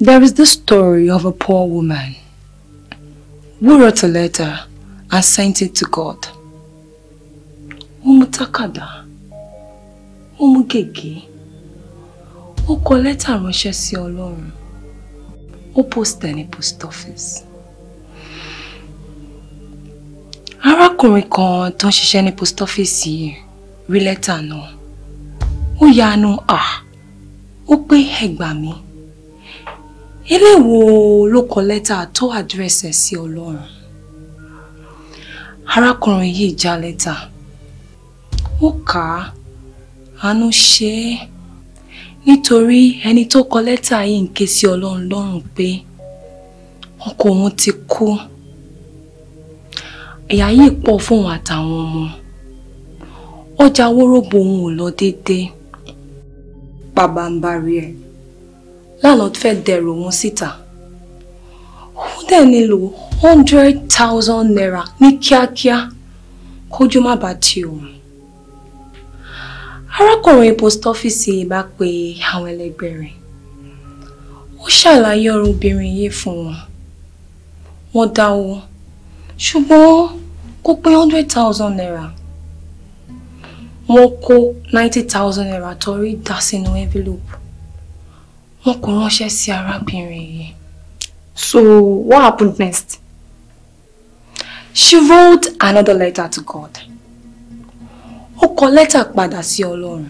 There is this story of a poor woman who wrote a letter and sent it to God. Umutakada. Umugege. tàkàdá, letter mú gègé, ó kọ post ẹ̀ post office. Arákùnrin kan tó ń ṣiṣẹ́ post office yìí rí lẹ́tà náà, ó yanu à, ó pé ẹgbàá mi eléwo ló kọ lẹ́tà tó àdírẹ́sẹ̀ sí ọlọ́run arákùnrin yìí já lẹ́tà ó kà á àánú ṣe é nítorí ẹni tó kọ lẹ́tà yìí ń ké sí ọlọ́run lọ́rùn pé ọkọ òun ti kú ìyà yìí pọ̀ fóun àtàwọn ọmọ ọjà wórógbó òun ò lọ déédéé pàbàǹbarì ẹ̀ landlord fed dẹrù òun síta òun dẹ̀ nílò hundred thousand naira Ni kia kia má bàa ti post office bá pe àwọn ẹlẹgbẹ́ rẹ̀ ó ṣàlàyé ọ̀rọ̀ obìnrin yìí fún wọn wọ́n dáwọ́ ṣùgbọ́n kò pé hundred thousand naira wọ́n kó ninety thousand naira torí dá sínú envelope wọn kò ránṣẹ́ sí arábìnrin yìí. So what happened next? She wrote another letter to God. Ó kọ lẹ́tà padà sí Ọlọ́run.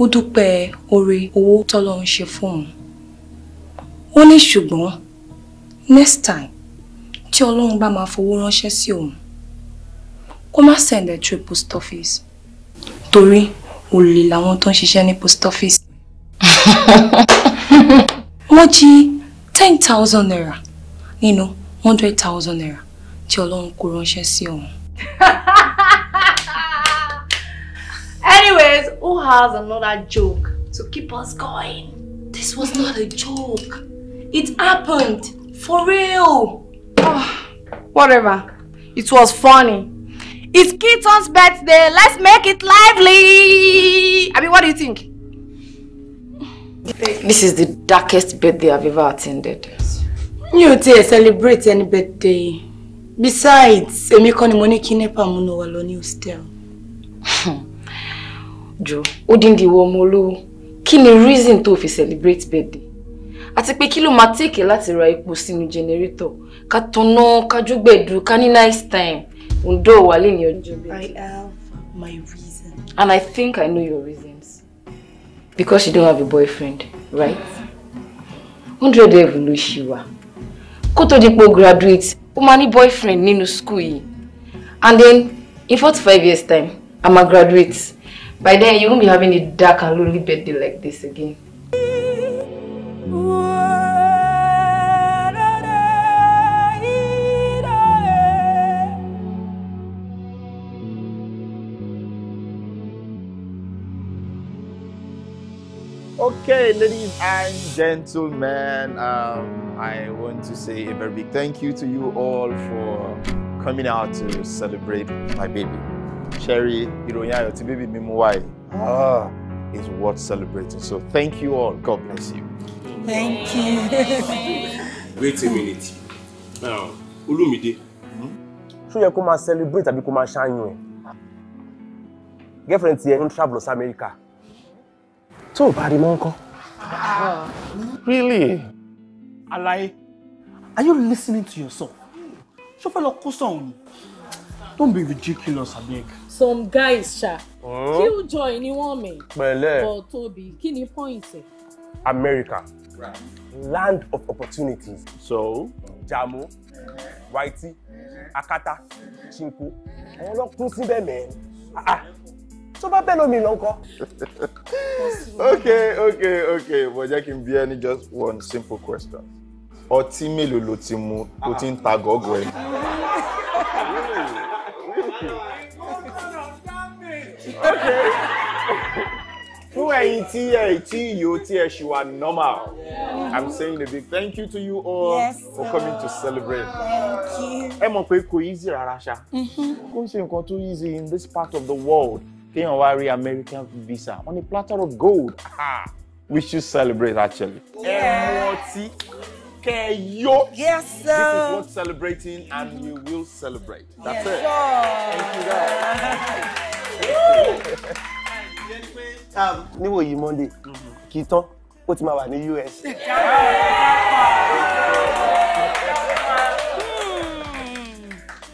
Ó dúpẹ́ oore owó tọ́lọ́run ṣe fún òun. Ó ní ṣùgbọ́n next time tí Ọlọ́run bá máa fowó ránṣẹ́ sí òun kó má send ẹ̀ through post office torí olè làwọn tó ń ṣiṣẹ́ ní post office. wọ́n ten thousand naira nínú hundred thousand naira tí ọlọ́run kó Anyways, who has another joke to keep us going? This was not a joke. It happened for real. Oh, whatever. It was funny. It's Keaton's birthday. Let's make it lively. I mean, what do you think? This is the darkest birthday I've ever attended. You ò celebrate any birthday. Besides, èmi kọ́ ni mo ní kí NEPA múnú wa lọ ní hostel. Jo, ó dín di ìwọ ọmọ olówó. Kí ni reason tó fi celebrate birthday? Àti pe kilo ló máa tèkè láti ra epo sínú jẹnẹrétọ̀? Ká tanná, ká jógbẹ̀dù, ká nice time. Undo wà lé ní I have my reason. And I think I know your reason because you don't have a boyfriend right hundred level ló ṣì she kó tó di pé graduate ó boyfriend nínú school yìí and then in four to five years time I'm a graduate by then you won't be having a dark and lonely birthday like this again. Okay, ladies and gentlemen, um, I want to say a very big thank you to you all for coming out to celebrate my baby. Sherry, ìròyìn ayọ̀ tí baby mi mú Ah, is worth celebrating. So thank you all. God bless you. Thank you. Wait a minute. Now, Olumide. Ṣó you come and celebrate àbí kó máa ṣáyún ẹ̀? Girlfriend tiẹ̀ ń travel to America. So o bá rí really. alaye are you listening to yourself ṣó fẹ́ lọ kó sọ̀hún ni don't be ridiculous abeg. some guys ṣá kill joy ni wọ́n mẹ́. pẹ̀lẹ́ bọ̀ tóbi kí ni point ẹ̀. america land of opportunities. so jamo waiti akata chinko àwọn ló kún síbẹ̀ mẹ́rin. Ah, ah tó bá bẹ́ẹ̀ lómi lọ kọ́. ok ok ok jẹ́ kí n bi ẹ́ just one simple question ọtí mélòó ló ti mu tó ti ń ta gọ́gọ́ ẹ̀. ok fún ẹ̀yin tí ẹ tí yóò tí ẹ ṣì wà normal i'm saying a big thank you to you all yes, for coming to celebrate. ẹ mọ̀ pé kò easy rárá ṣá mm-hmm. kò ń ṣe nǹkan tó easy in this part of the world kéèyàn wá rí American visa on a platter of gold ah, we should celebrate actually. ẹ̀rọ tí kẹ́ ẹ yó. yes sir. this is worth celebrating and we will celebrate. that's yes, it. thank you guys. Um, níwò yìí Monday mm-hmm. kì í tán ó ti máa wà ní US.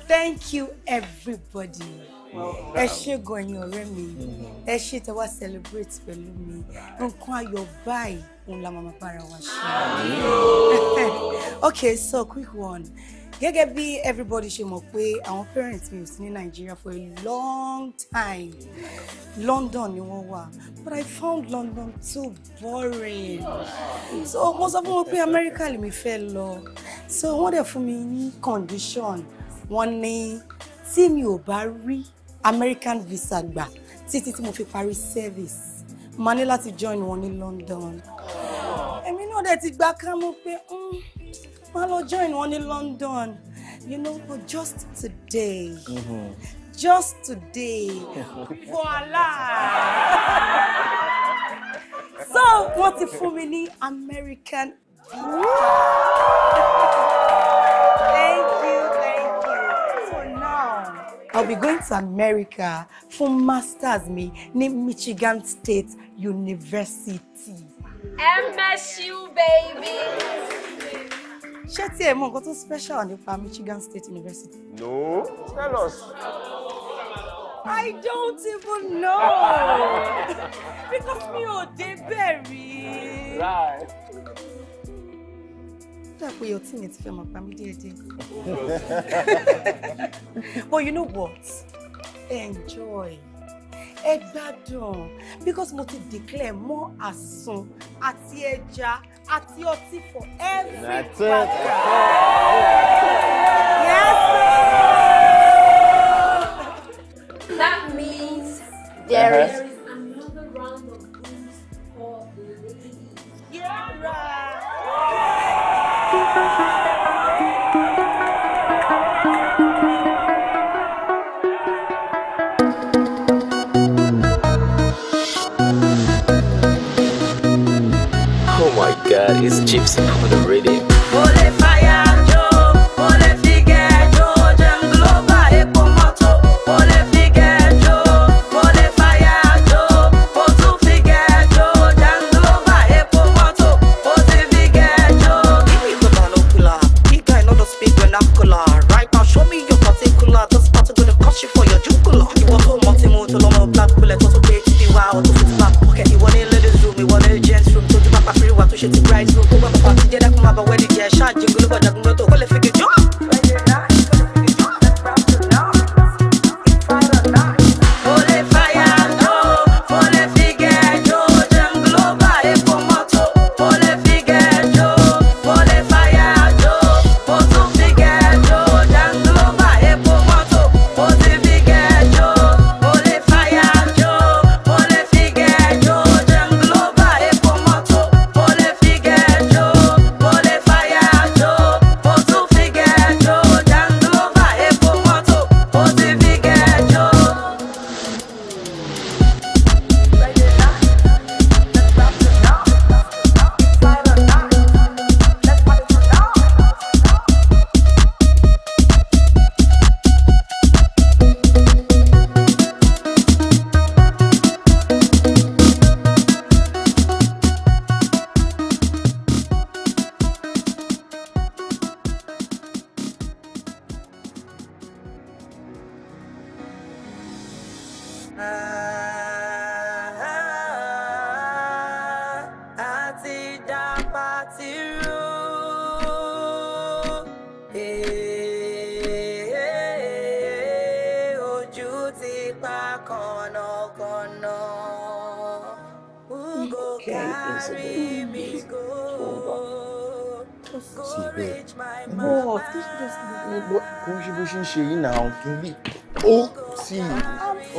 Thank you, everybody ẹ ṣé gan ẹ̀yin mi ẹ ṣé tẹ celebrate pẹ̀lú mi nǹkan ayọ̀ báyìí òun la màmá para wa ṣe. okay so quick one gẹ́gẹ́ bí everybody ṣe mọ̀ pé àwọn parents mi ò sí ní Nigeria for a long time London ni wọ́n wà but I found London too boring so mo sọ fún wọn pé America lèmi fẹ́ lọ so wọ́n dẹ̀ fún mi ní condition wọ́n ní tí mi ò bá rí American visa gbà títí tí mo fi parí service ma ní láti join wọn ní London èmi náà dẹ̀ ti gba kámú pé mm, má lọ join wọn ní London you know but just today mm -hmm. just today voila so wọ́n ti fún mi ní American. Woo! I'll be going to America for masters me, ní Michigan State University. MSU baby. Ṣé tí ẹ mọ special on special nípa Michigan State University? No, tell us. I don't even know because me, ò débẹ̀ Right dà pé ọtí mi ti fẹ́ máa pa mí díẹ̀díẹ̀. but you know what enjoy ẹ gbádùn because mo ti declare mọ́ àsun àti ẹja àti ọtí for every yes. That means there is uh-huh. that is gypsy for the radio.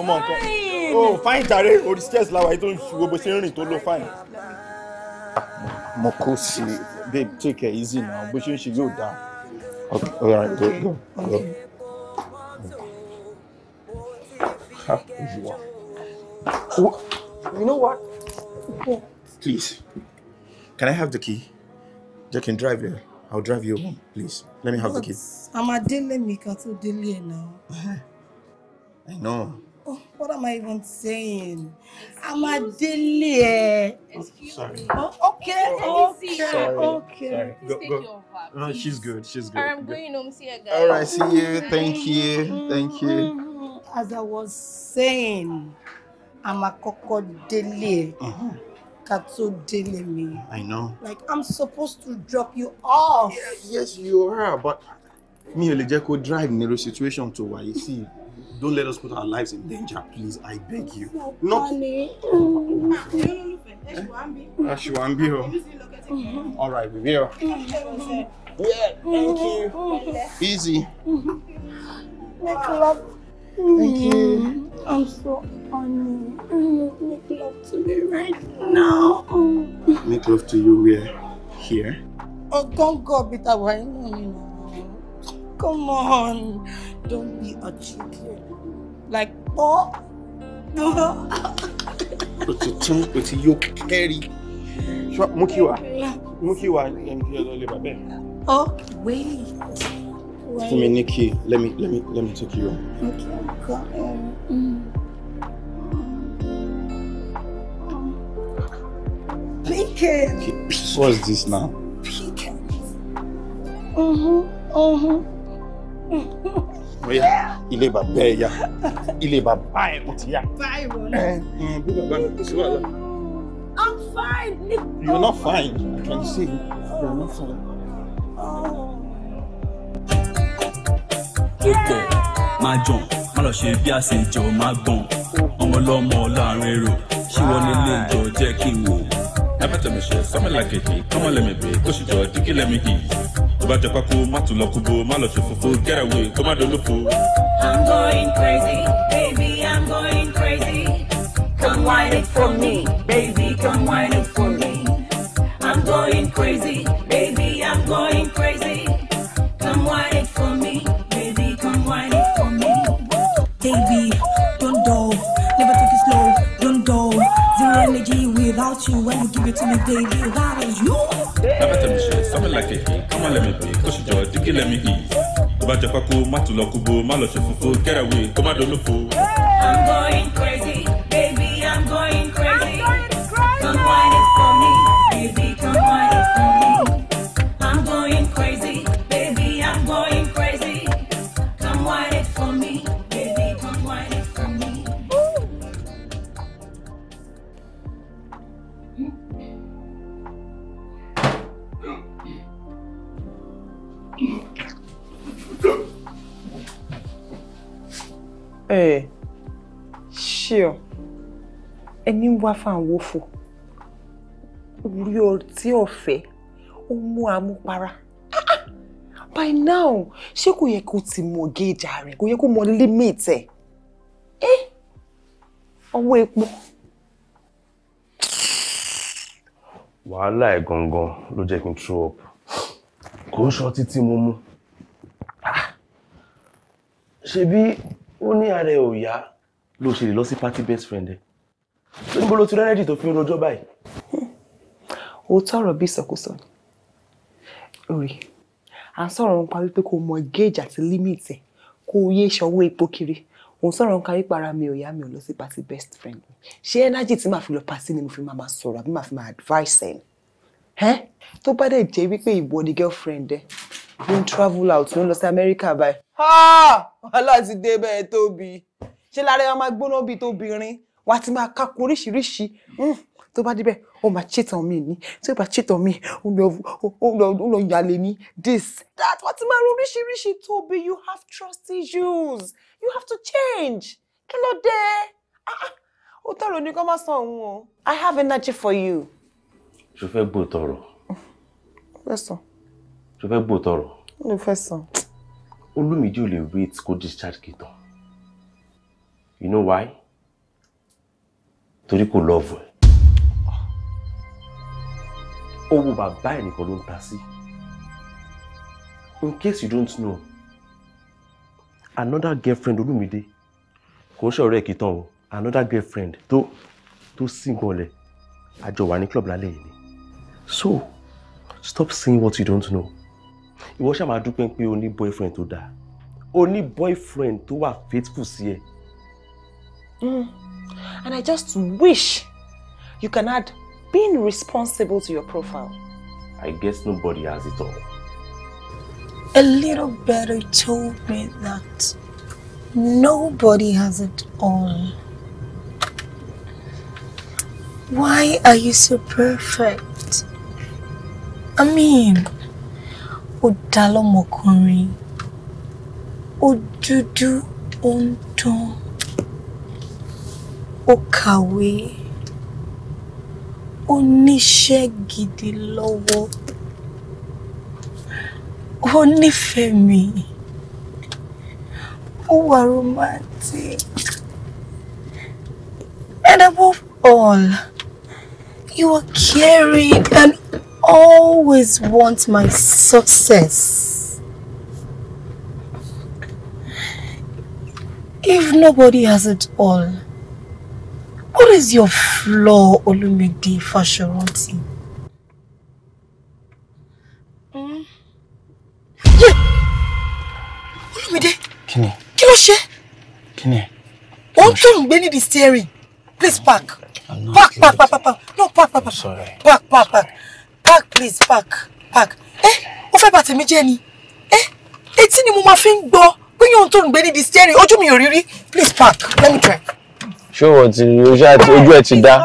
mọ nǹkan o oh, fine jàre orí stress láwa yìí tó ń ṣubú bó ṣe ń rìn tó ló fine. mo kó sí babe take it easy now bó ṣe ń ṣe yóò dáa. okay all right go go you know what? Please, can I have the key? They can drive there. I'll drive you home, please. Let me have the key. I'm a daily maker to daily now. I know. Oh, what am I even saying? I'm a deli. Eh. Oh, sorry. Oh, okay, oh, okay, Sorry. okay. Sorry. Go, go. No, she's good. She's good. I'm going home. See you guys. All right. See you. Thank mm-hmm. you. Thank you. Mm-hmm. As I was saying, I'm a koko deli. Uh-huh. Kato deli me. I know. Like I'm supposed to drop you off. Yes, yes you are. But me, ò lè jẹ́ kó drive nírú situation to why you see. Don't let us put our lives in danger, please. I beg you. No, Not. Ashwambi. Ah, Ashwambi. All right, we will. Yeah, thank you. Easy. Make love. Thank you. I'm so honored. Make love to me right now. Make love to you. We're here. Oh, don't go, Bita. Why? Come on. Don't be a chicken like oh, pọ. o ti tún o ti carry? kẹ́rì. mukiwa? kí wá mú kí wá lọ lè bàbẹ́. Oh. let me let me let me take you okay i'm coming. what's this now? Pecan. Uh huh. Uh huh. bóyá ilé bàbá ẹ yá ilé bàbá ẹ kò ti yá. báyìí wọlé. bí bàbá mi kò sí wàhálà. I'm fine. You're not fine. I can see you. You're not fine. máa oh. jọ̀n, má lọ ṣe bí àṣejọ máa gbọ̀n. Ọmọ lọ́mọ láàrin èrò, ṣé wọ́n nílé ìjọ jẹ́ kí n wò. Never tell me shit, something like it, come on let me jọ, dicky let me eat. tó bá jẹ pákó má tún lọ kú get away kó má dolófo. I'm going crazy, baby, I'm going crazy. Come whine it for me, baby, come whine it for me. I'm going crazy, baby, I'm going crazy. Come whine it for me, baby, come whine it for me. Baby, don't go, never take it slow, don't go. Zero energy without you when you give it to me, baby, without it. la kẹ̀kẹ́ ká má lẹ́mi pé kó sì jọ díkì lẹ́mi iyì tó bá jẹ pákó má tún lọ kúbo má lọ ṣe fúnfó kẹ́rẹ̀wé kó má I'm going crazy. àáfà orí ọtí ọ̀fẹ́ ó mú amúpara ah, ah. by now ṣé kò yẹ kó ti mọ géèjà rẹ kò yẹ kó mọ límìt ẹ ẹ eh, ọwọ́ epo. wàhálà ẹ̀ gangan ló jẹ́ kí n throw up kò ń ṣọtí tí mo mú ah, ṣebí ó ní ara ẹ̀ ò yá ló ṣe lè lọ sí party best friend ẹ̀ níbo ló ti rẹ́rẹ́dì tó fi ń rojọ́ báyìí. O ọ̀rọ̀ bí ìsọkúsọ ni rè à ń sọ̀rọ̀ nípa wípé kò mọ gauge àti limit kó o yéé ṣọwọ́ epo kiri òun sọ̀rọ̀ nípa wípé ara mi ò yá mi ò lọ sí party best friend mi ṣé energy tí màá fi lọ party ni mo fi máa sọ̀rọ̀ àbí màá fi máa advice ẹ̀ ẹ́ tó bá dẹ̀ jẹ́ wípé ìwọ ni girlfriend ẹ̀ ló ń travel out ló ń lọ sí America báyìí. ọlọ́run ti dé bẹ́ẹ̀ tóbi ṣé lára ẹ máa gbóná bíi tóbi rin wà á ti máa kákun oríṣiríṣi tó bá débẹ̀ ó máa cheat on me ní tó bá cheat on me ó lọ yàlè ní this that wà ti máa rí oríṣiríṣi Tóbi you have trust issues you have to change kí ló dé ah, ah. ó tọrọ ní kó má san òun o I have energy for you. ṣo fẹ́ gbọ́ tọrọ. fẹ́ sàn. ṣo fẹ́ gbọ́ tọrọ. ó fẹ́ sàn. Olumide ò lè wait kó discharge kìtàn. You know why? torí kò lọ́ọ̀fù ẹ̀ ah. owó bàbá ẹ̀ nìkan ló ń ta sí in case you don't know another girlfriend olúmídé kò ń ṣọ̀rọ̀ ẹ̀ kì í tán o another girlfriend tó tó sìngbọ̀nlẹ̀ àjọ wà ní club lálẹ́ yìí ni so stop saying what you don't know ìwọ ṣáà máa dúpẹ́ pé o ní boyfriend tó dáa o ní boyfriend tó wà faithful sí ẹ. Mm. And I just wish you can add being responsible to your profile. I guess nobody has it all. A little better told me that nobody has it all. Why are you so perfect? I mean, Odalo Mokuri, Odudu Onton ó kàwé ó níṣẹ́ gidi lọ́wọ́ ó nífẹ̀ẹ́ mi ó wà romantic and above all you are caring and always want my success. If nobody has it all, What is your flaw, Olumide Fashoranti? Mm. Yeah. Olumide. Kí ni? Kí ló ṣe? Kí ni? the steering. Please park. No, park, park, park, park, park. No, park, park, park. Sorry. Park, park, park. Park, please, park, park. Eh, What fẹ́ bà me jẹ́ Eh, It's in mo máa fi ń gbọ́ pé yóò the steering. Ojú mi ò rí rí. Please park. Let me drive ṣé wọn ti ojú ẹ ti dá.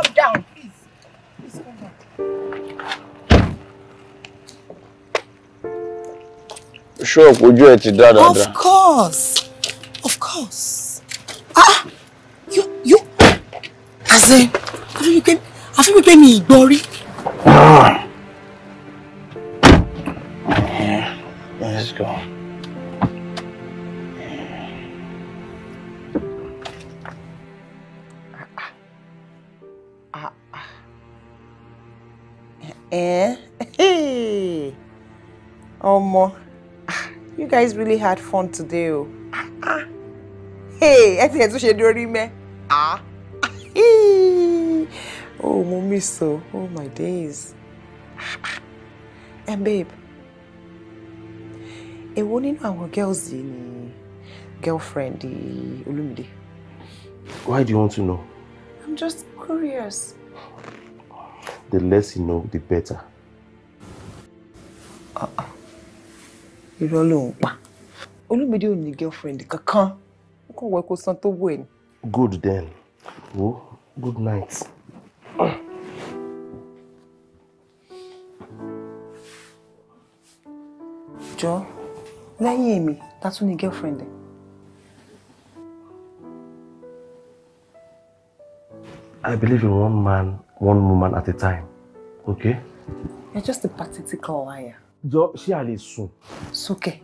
ṣé òpó ojú ẹ ti dá dáadáa. of course of course ah you you as in àfi wípé mi ìgbọ́ rí. Let's go. Eh? Ọmọ, ah, you guys really had fun today oh. Hey, I o. Ẹ ti ẹ̀ tún ṣe Ah, hey, Oh, mo miss o. Oh my days. And eh, babe, èwo nínú our girls yìí ni girlfriend Olumide? Why do you want to know? I'm just curious. The less you know, the better. Irọ́ ló ń pa. only ò your girlfriend kankan. Ó kàn wọ ẹ̀kọ́ san tó Good then. oh, good night. Joe, let me. That's tún ní girlfriend ẹ̀. I believe in one man, one woman at a time. Okay? You're just a pathetic liar. Jo, she a lè It's okay.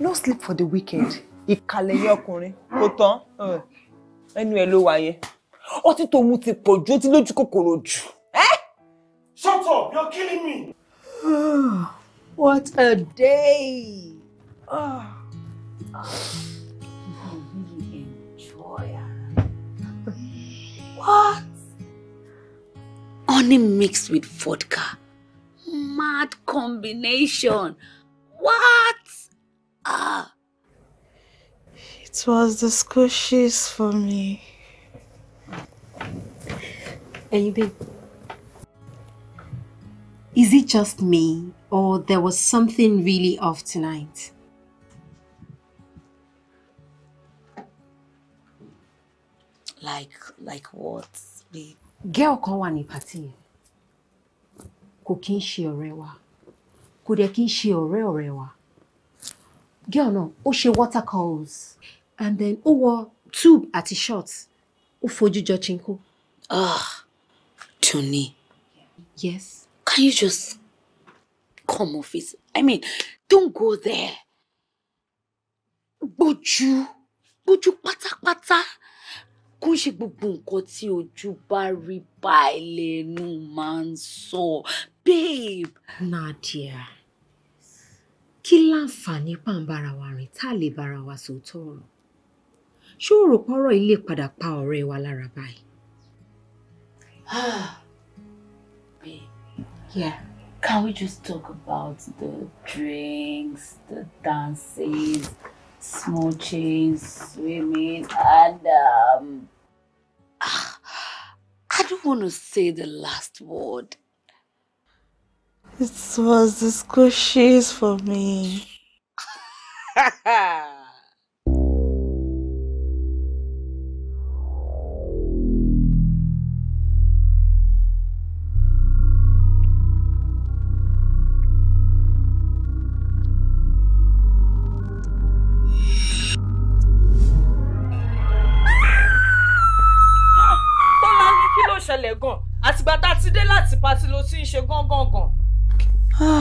no sleep for the wicked. Ìkàlẹ̀ yẹn ọkùnrin kò tán ẹnu ẹ̀ ló wà yẹn. Ọtí tó mu ti pọ̀ ju ó ti lójú kòkòrò Shut up, you're killing me. What a day. Oh. honey mixed with vodka. Mad combination. What? Ah. It was the squishies for me. Hey, babe. Is it just me, or there was something really off tonight? Like, like what, babe? girl kan wà ní pàtí yẹn kò kí ń ṣe ọ̀rẹ́ wa kò dẹ̀ kí ń ṣe ọ̀rẹ́ ọ̀rẹ́ wa girl náà ó ṣe water curls and then ó wọ tube àti short ó fojú jọ chinko. ah Tony. yes. can you just come office? i mean don't go there gbójú gbójú pátápátá kó ṣe gbogbo nǹkan tí ojú bá rí báyìí lẹ́nu máa ń sọ babe. Nadia kí láǹfààní pàǹbára wa rìn tá a lè bára wa sòótọ́ ọ̀rọ̀ ṣé o rò pọ́rọ̀ ilé padà pa ọ̀rẹ́ wa lára báyìí. Ah, babe yeah. can we just talk about the drinks the dances. small chains, swimming, and um, I don't want to say the last word. It was the school shoes for me. ṣe gángangan.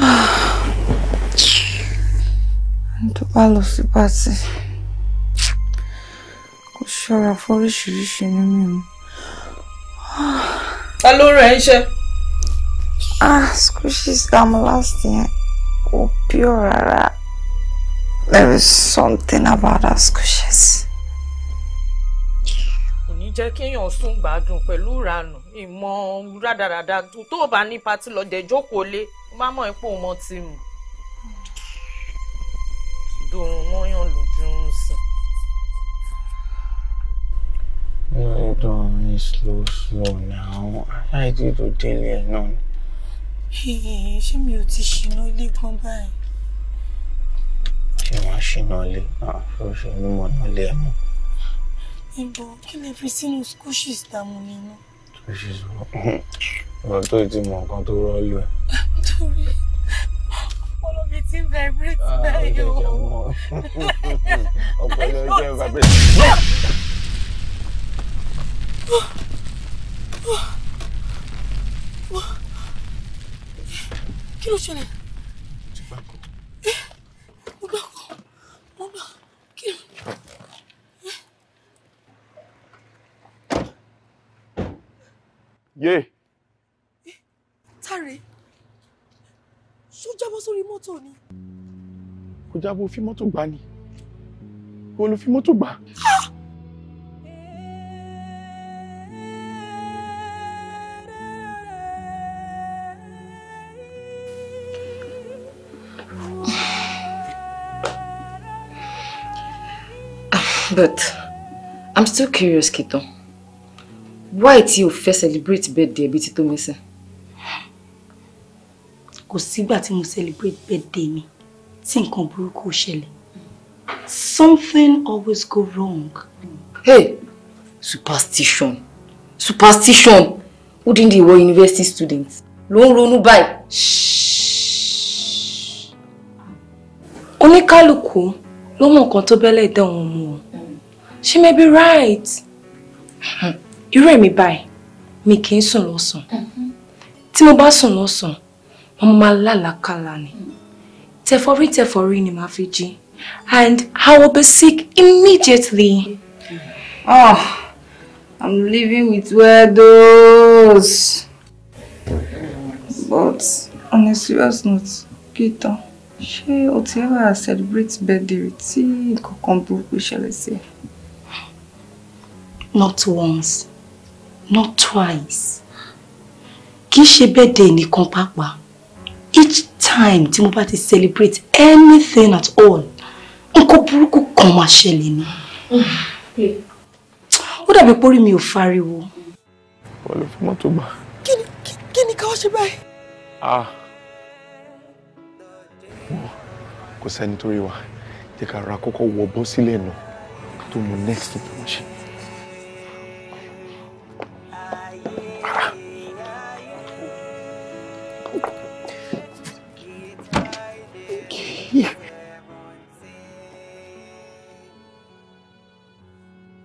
ẹni tó bá lọ sí pàtì kò ṣọ́ra fóríṣiríṣi nínú ìmú. ta ló rẹ̀ ń ṣe. ah squishy sam last year kò pure rárá there is something about that squishes. kò ní jẹ́ kéèyàn sùn gbádùn pẹ̀lú ìranù ìmọ̀ rádaràda tó o bá ní patí lọ dẹ̀ jókòó lé o bá mọ̀ ipò ọmọ ti mù dòrùn mọ́yàn lójú ń sìn. Hold on, it's slow, slow now. I did to tell you none. Ṣé mi ò ti ṣìnà ilé gan báyìí? Ṣé wàá ṣìnà ilé? Àfẹ́ òṣèlú mọ̀ náà lé ẹ̀mọ́. Ìbò kí lè fi sínú school shoes dààmú nínú? which is ọ̀rọ̀ tó ti mọ̀ nǹkan tó rọ́ọ̀lù ẹ̀. torí olóbi ti ń vibrate ah, báyìí o. ọpọlọ jẹ vibrate. kí ló ṣẹlẹ̀. yé. Táre, ṣó jábọ́ sórí mọ́tò ni? Kò jábọ́ fi mọ́tò gbá ni. Kò ló fi mọ́tò gbá. Ah, but I'm still curious, Kito why tí o fẹ́ celebrate birthday bí ti tó mi sìn. kò sígbà tí mo celebrate birthday mi tí nǹkan burúkú ṣẹlẹ̀ something always go wrong. hey superstition superstition ó dín di ìwọ university students. ló ń ronú báyìí. oníkálukú ló mọ nǹkan tó bẹ́lẹ̀ dán òun mú she may be right. Hmm irú ẹ̀mí báyìí mi kì í sùn lọ́sàn-án mm-hmm. tí mo bá sùn lọ́sàn-án mo máa lálàákàlà ni tẹ̀fọ́rí tẹ̀fọ́rí ni màá fi jí and I will be sick immediately. Oh, I'm living with weirdos. But on a serious note, Kitan, ṣé o ti ever celebrate birthday tí nǹkan kan burúkú ṣẹlẹ̀ sí ẹ? Not once not twice kì í ṣe birthday nìkan pàápàá each time tí mo bá ti celebrate anything at all nǹkan burúkú kan máa ṣẹlẹ̀ ni ó dàbí pori mi ò fariwo. wọ́n lè fi mọ́tò gbà. kí ni kí ni ká wá ah wọn kò sẹ́ni tó rí wa jẹ́ ká ra kọ́kọ́ wọ bọ́ sílẹ̀ náà tó mú next to mú ṣe.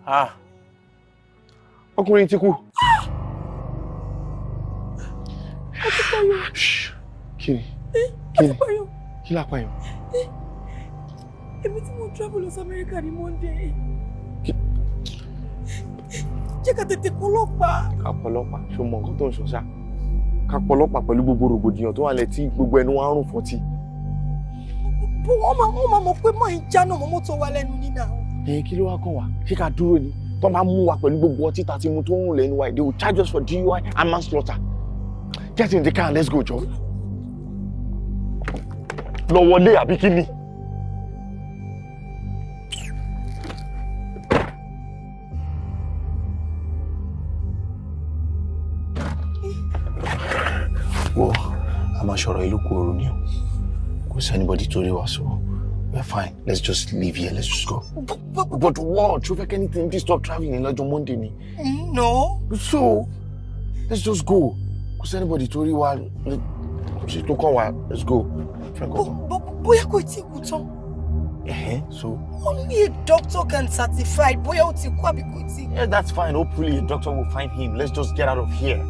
Ah. ọkùnrin ti kú. Akípayọ̀. kí ni eh, kí ni kí lápá yọ. Eh, èmi tí mo travel lọ sí Amẹ́ríkà Monday. jẹ́ ká tètè kọ́ ọlọ́pàá. ká kọ́ ọlọ́pàá ṣó mọ nǹkan tó ń sọ ṣá ká kọ́ ọlọ́pàá pẹ̀lú gbogbo rògbòdìyàn gbogbo ẹnu wa ń rùn bó wọn máa wọn máa mọ pé máa ń jáná mọ mọ́tò wa lẹ́nu nínà. ẹyin kí ló wá kàn wá ṣé ká dúró ni tó bá mú wa pẹ̀lú gbogbo ọtí tá mu tó ń rùn wa they will charge us for DUI and manslaughter get in the car and let's go jọ. lọ wọlé àbí kí ni. wọ́n a máa ṣọ̀rọ̀ ìlú kúrò ní o. Was anybody told us so? We're fine. Let's just leave here. Let's just go. But, but, but what? Should like anything? Please stop traveling in London Monday. No. So, let's just go. Was anybody told you what? She took on while. Let's go. Frank, go. Bóyá kò tí kú Eh, so? Only a doctor can certify. Boy, ó ti kú Yeah, that's fine. Hopefully a doctor will find him. Let's just get out of here.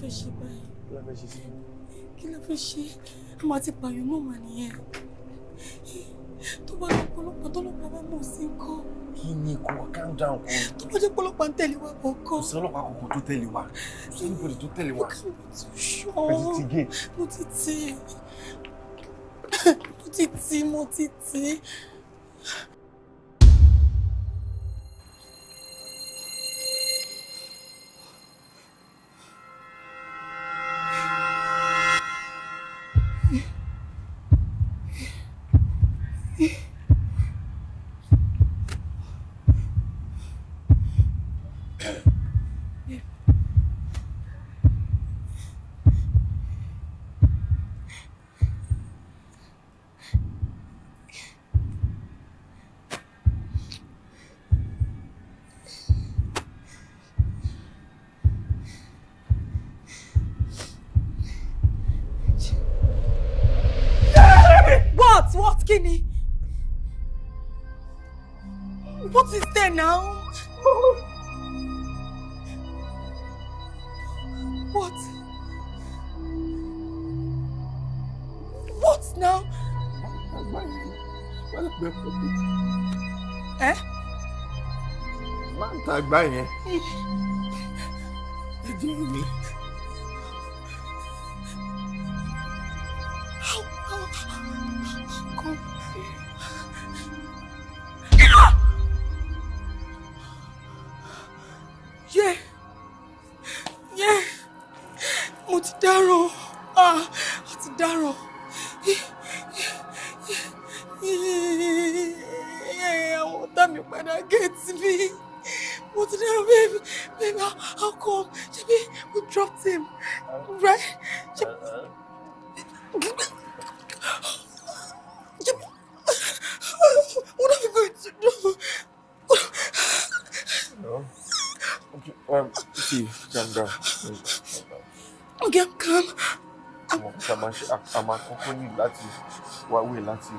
fẹ́ ṣe báyìí? Kí la fẹ́ ṣe sí? Kí la fẹ́ ṣe? A máa ti pààyàn náà mà nìyẹn. Tó bá lọ pọlọ́pàá tọ́lọ́pàá bá mọ̀ sí nǹkan. Kí ni kò calm down kò? Tó bá jẹ́ pọlọ́pàá ń tẹ̀lé wa kọ̀ọ̀kan. Kò sí ọlọ́pàá kankan tó tẹ̀lé wa. Kò sí anybody tó tẹ̀lé wa. Mo ti ti Mo ti ti gbá láti wáwé láti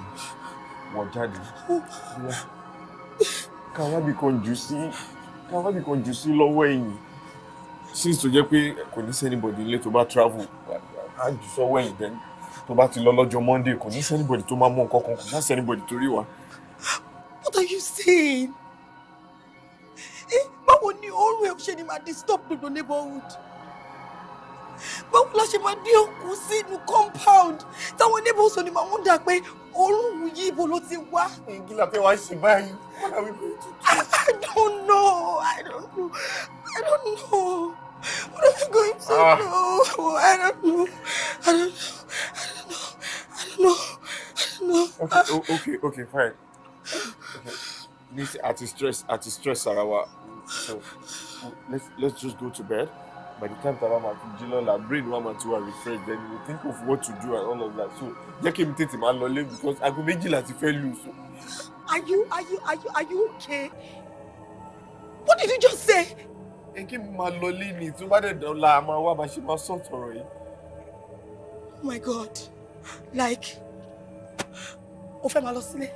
wọ̀ jáde ká kan jù sí ká kan jù sí lọ́wọ́ ẹ̀yìn since tó jẹ́ pé kò ní sẹ́nibọ̀dì ilé tó bá travel á jù sọ́wọ́ ẹ̀yìn then tó bá ti lọ lọ́jọ́ monday kò ní sẹ́nibọ̀dì tó máa mú nǹkan kan kò ní sẹ́nibọ̀dì torí wa. what are you saying? Eh, báwo ni oorun ẹ̀ ṣe ni máa disturb gbogbo neighborhood? báwo la ṣe máa dé òkú sínú compound táwọn neighbors ò ní máa wọ́n dà pé òórùn yìí ibo ló ti wá. igi la fẹ́ wá ṣe báyìí. I don't know I don't know I don't know what am I going to ah. do I don't know I don't know I don't know I don't know I don't know. okay oh, okay okay fine okay. at àti stress At àti stress ara wa so let's let's just go to bed by the time taba ma fi jí lọ́la brain wa ma ti wa refresh then you think of what to do and all of that so jẹ́ kí n tètè máa lọlé because aago méjìlá ti fẹ́ lù so. are you are you are you are you okay what did you just say. ẹ kí n máa lọlé ni tí ó bá dẹ̀ dọ́là a bá ṣe máa sọ̀tọ̀ ọ̀rọ̀ yìí. oh my god like o fẹ́ máa lọ sílé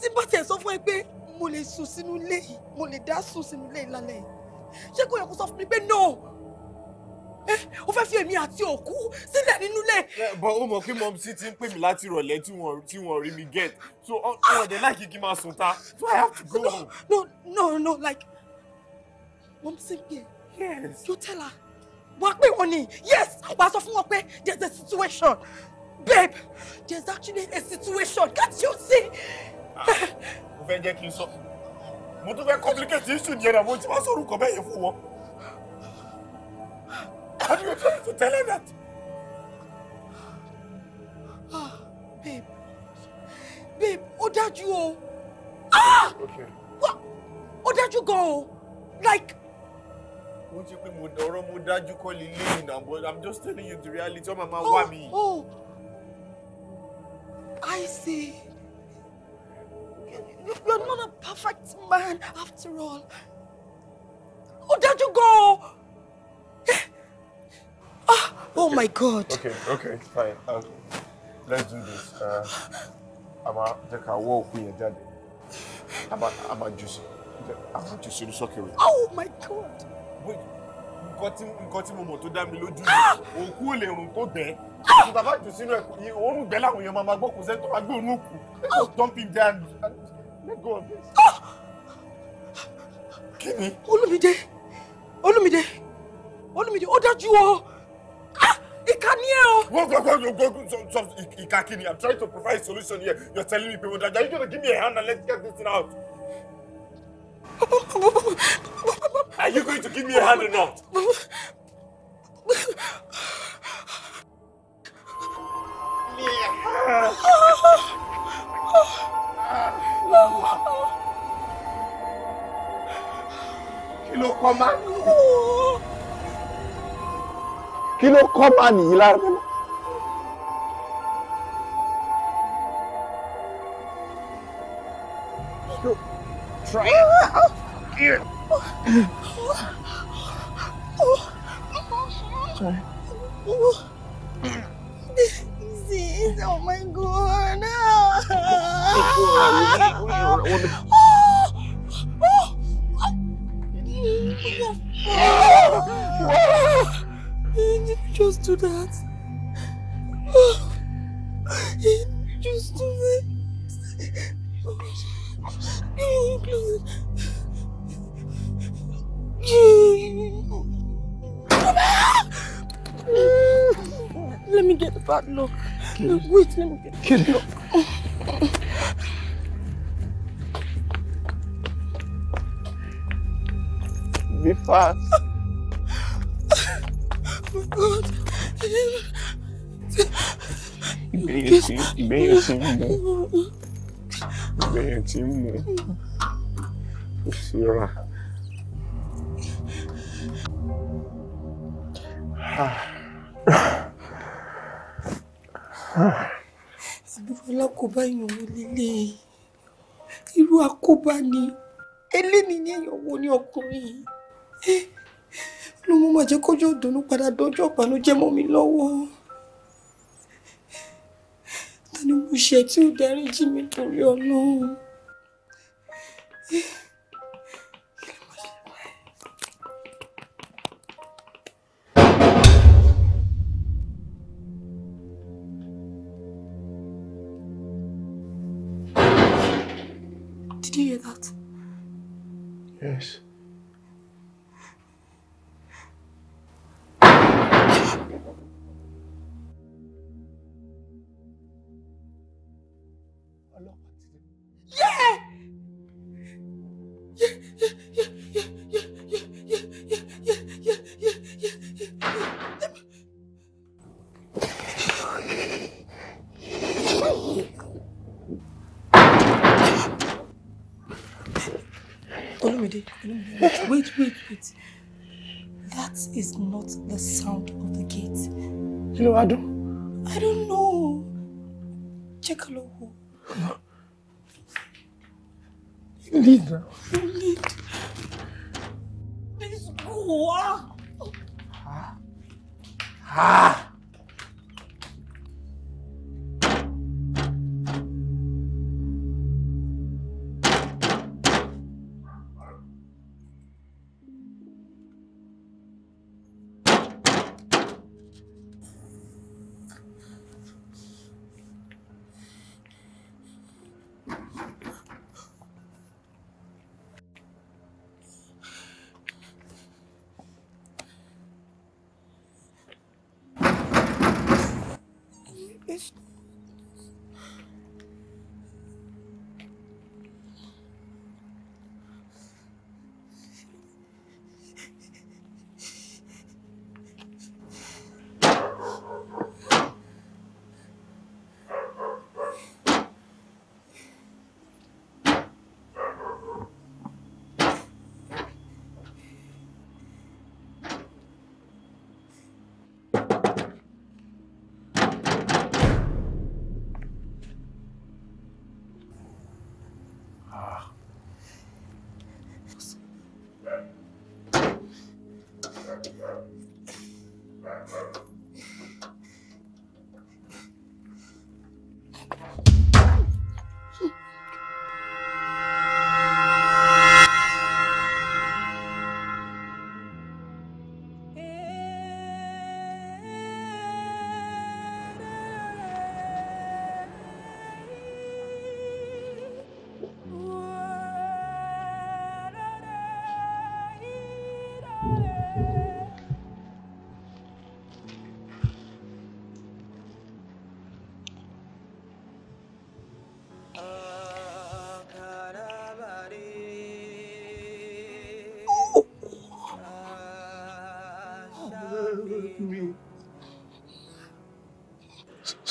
tí bá tiẹ̀ sọ fún ẹ pé mo lè sùn sínú ilé yìí mo lè dá sùn sínú ilé yìí lálẹ́ yìí ṣé kò yẹ kó sọ fún mi pé no o fẹ́ fi èmi àti òkú sílẹ̀ nínú ilé. bọ ó mọ pé mọ sí ti ń pè mí láti ìrọ̀lẹ́ tí wọ́n rí mi get so ọ̀rọ̀ dẹ̀ láì kíkí máa sùn ta so i have to go home. no no no like mom sí pé yes you tell her wàá pè wọ́n ni yes wàá sọ fún wọn pé there is a situation babe there is actually a situation can't you see. Ah, mo fẹ́ jẹ́ kí n sọ mo tún fẹ́ complicate issue yẹn na mo ti máa sọ̀rọ̀ kọ́ bẹ́ẹ̀ yẹn fún wọn. Have you trying to tell her that? Ah, babe, babe, ó dájú o. Ah! Okay. What? Ó dájú gan o. Like. Ó jẹ́ pé mo dọ̀rọ̀ mo dájú kọ́ lè léyìn náà but I'm just telling you the reality ọmọ máa wá oh, mi. Oh, oh. I see. You're not a perfect man after all. Ọ̀dájú gan you go? Ah, oh okay. my God. Okay, okay, fine. Um, let's do this. Uh, a Jacka, walk with wọ́ òkú yẹn jáde. A Juicy, jù sí. A máa jù sí ní sọ́kẹ̀wé. Oh my God. Wait nǹkan tí mo mọ̀ tó dá mi lójú ah! òkú ò lè rùn tó bẹ́ẹ̀ ṣùgbọ́n bàbá jù sínú ẹ̀kọ́ yìí òórùn bẹ́ẹ̀ làwọn èèyàn máa máa gbọ́ máa gbé òórùn òkú dumping ah! down let go of this. Ah! kí ni. olùmídé ó dájú o ìka ni ẹ o. wọ́n gbọ́ gbọ́ gbọ́ ìka kí i'm trying to provide solution here you're telling me pé mo dájú are you gonna give me a hand and let's get this thing out. Are you going to give me a hand or not? Kí ló kọ́ máa nìyí? Kí ló kọ́ máa nìyí lára mọ́? try it. Here. Sorry. Disease, oh my god. Did you just do that? Did you just do that? close. let me get the bad look. Please. Wait, let me get the bad look. Be fast. Oh God. Bem assim, bem assim, bem assim, Sinora. Ìbúrọ̀lá kò bá èèyàn wo lélẹ̀ irú àkóbá ni eléni ní èèyàn wo ní ọkùnrin yìí ló mú màjẹ́ kójú òdùnnú padà dọ́jọ́ ìbànújẹ́ mọ́ mi lọ́wọ́ ta ni mo ṣe tí ó darí jí mi torí Ọlọ́run. wá I don't know. Check ká lọ now. Please go. Ah. Ah. ah.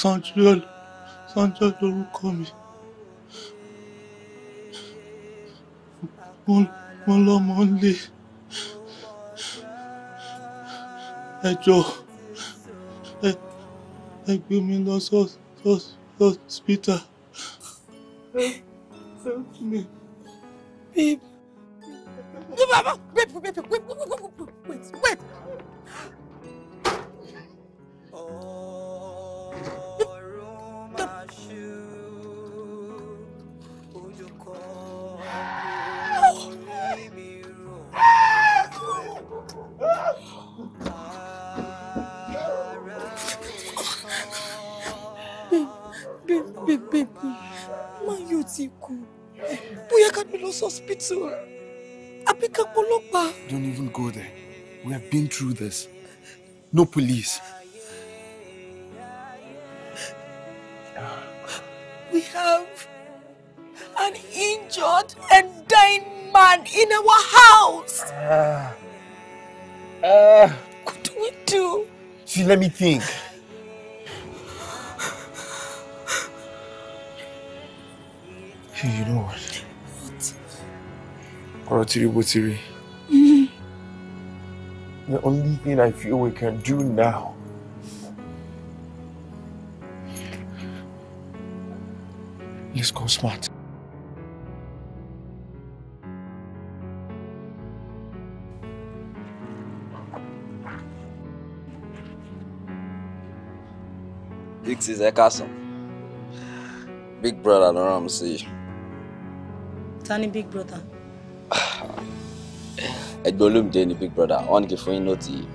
sanjol sanjol lórúkọ mi mo lọ́mọ nílé ẹjọ́ ẹ gbé mi lọ sọ́ọ̀sì hospital. no police. We have an injured and dying man in our house. Uh, uh, what do we do? See, let me think. See, you know what? What? Oratiri Botiri the only thing I feel we can do now is go smart. is a castle. Big brother, Ramsey. do Tiny big brother. ẹgbẹ́ olómìdé ni big brother wọ́n ní kí fún yín nóòtì yìí.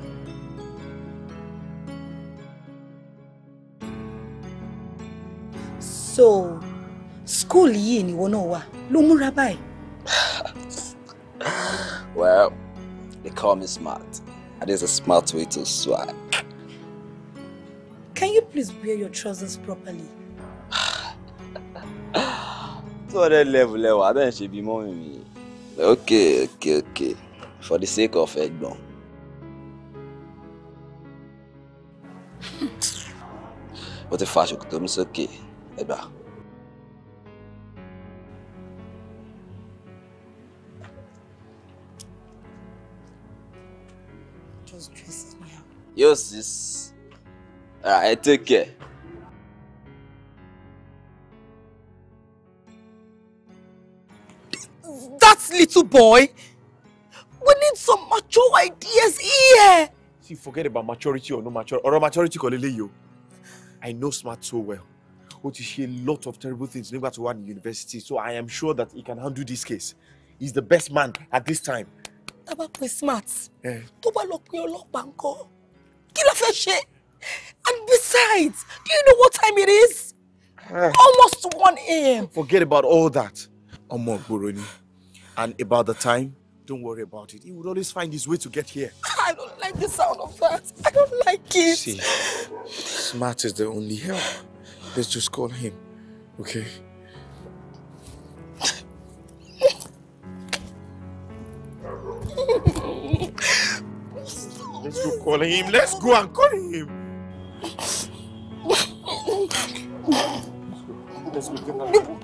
so school yìí ni ìwọ náà wà ló múra báyìí. well they call me smart and it's a smart way to swag. can you please wear your trousers properly. two hundred level lẹwà abẹ́ ń ṣe bí mọ́mì mi. okay okay okay. for the sake of Egbon. ó ti fa to mi okay, ẹgbà. Just dress you. Yo, sis. Alright, ah, take care. That little boy. We need some mature ideas here. See, forget about maturity or no maturity. Or maturity kọ́ I know Smart so well. But you ṣe a lot of terrible things Never tó one university so I am sure that he can handle this case. He's the best man at this time. Tá bá pe Smart. Tó lọ pe ọlọ́pàá ńkọ́. Kí la And besides, do you know what time it is? Uh, Almost 1 a.m. Forget about all that. Ọmọ ìgboro And about the time, don't worry about it. He would always find his way to get here. I don't like the sound of that. I don't like it. See, smart is the only help. Let's just call him, okay? Let's go call him. Let's go and call him. Let's go.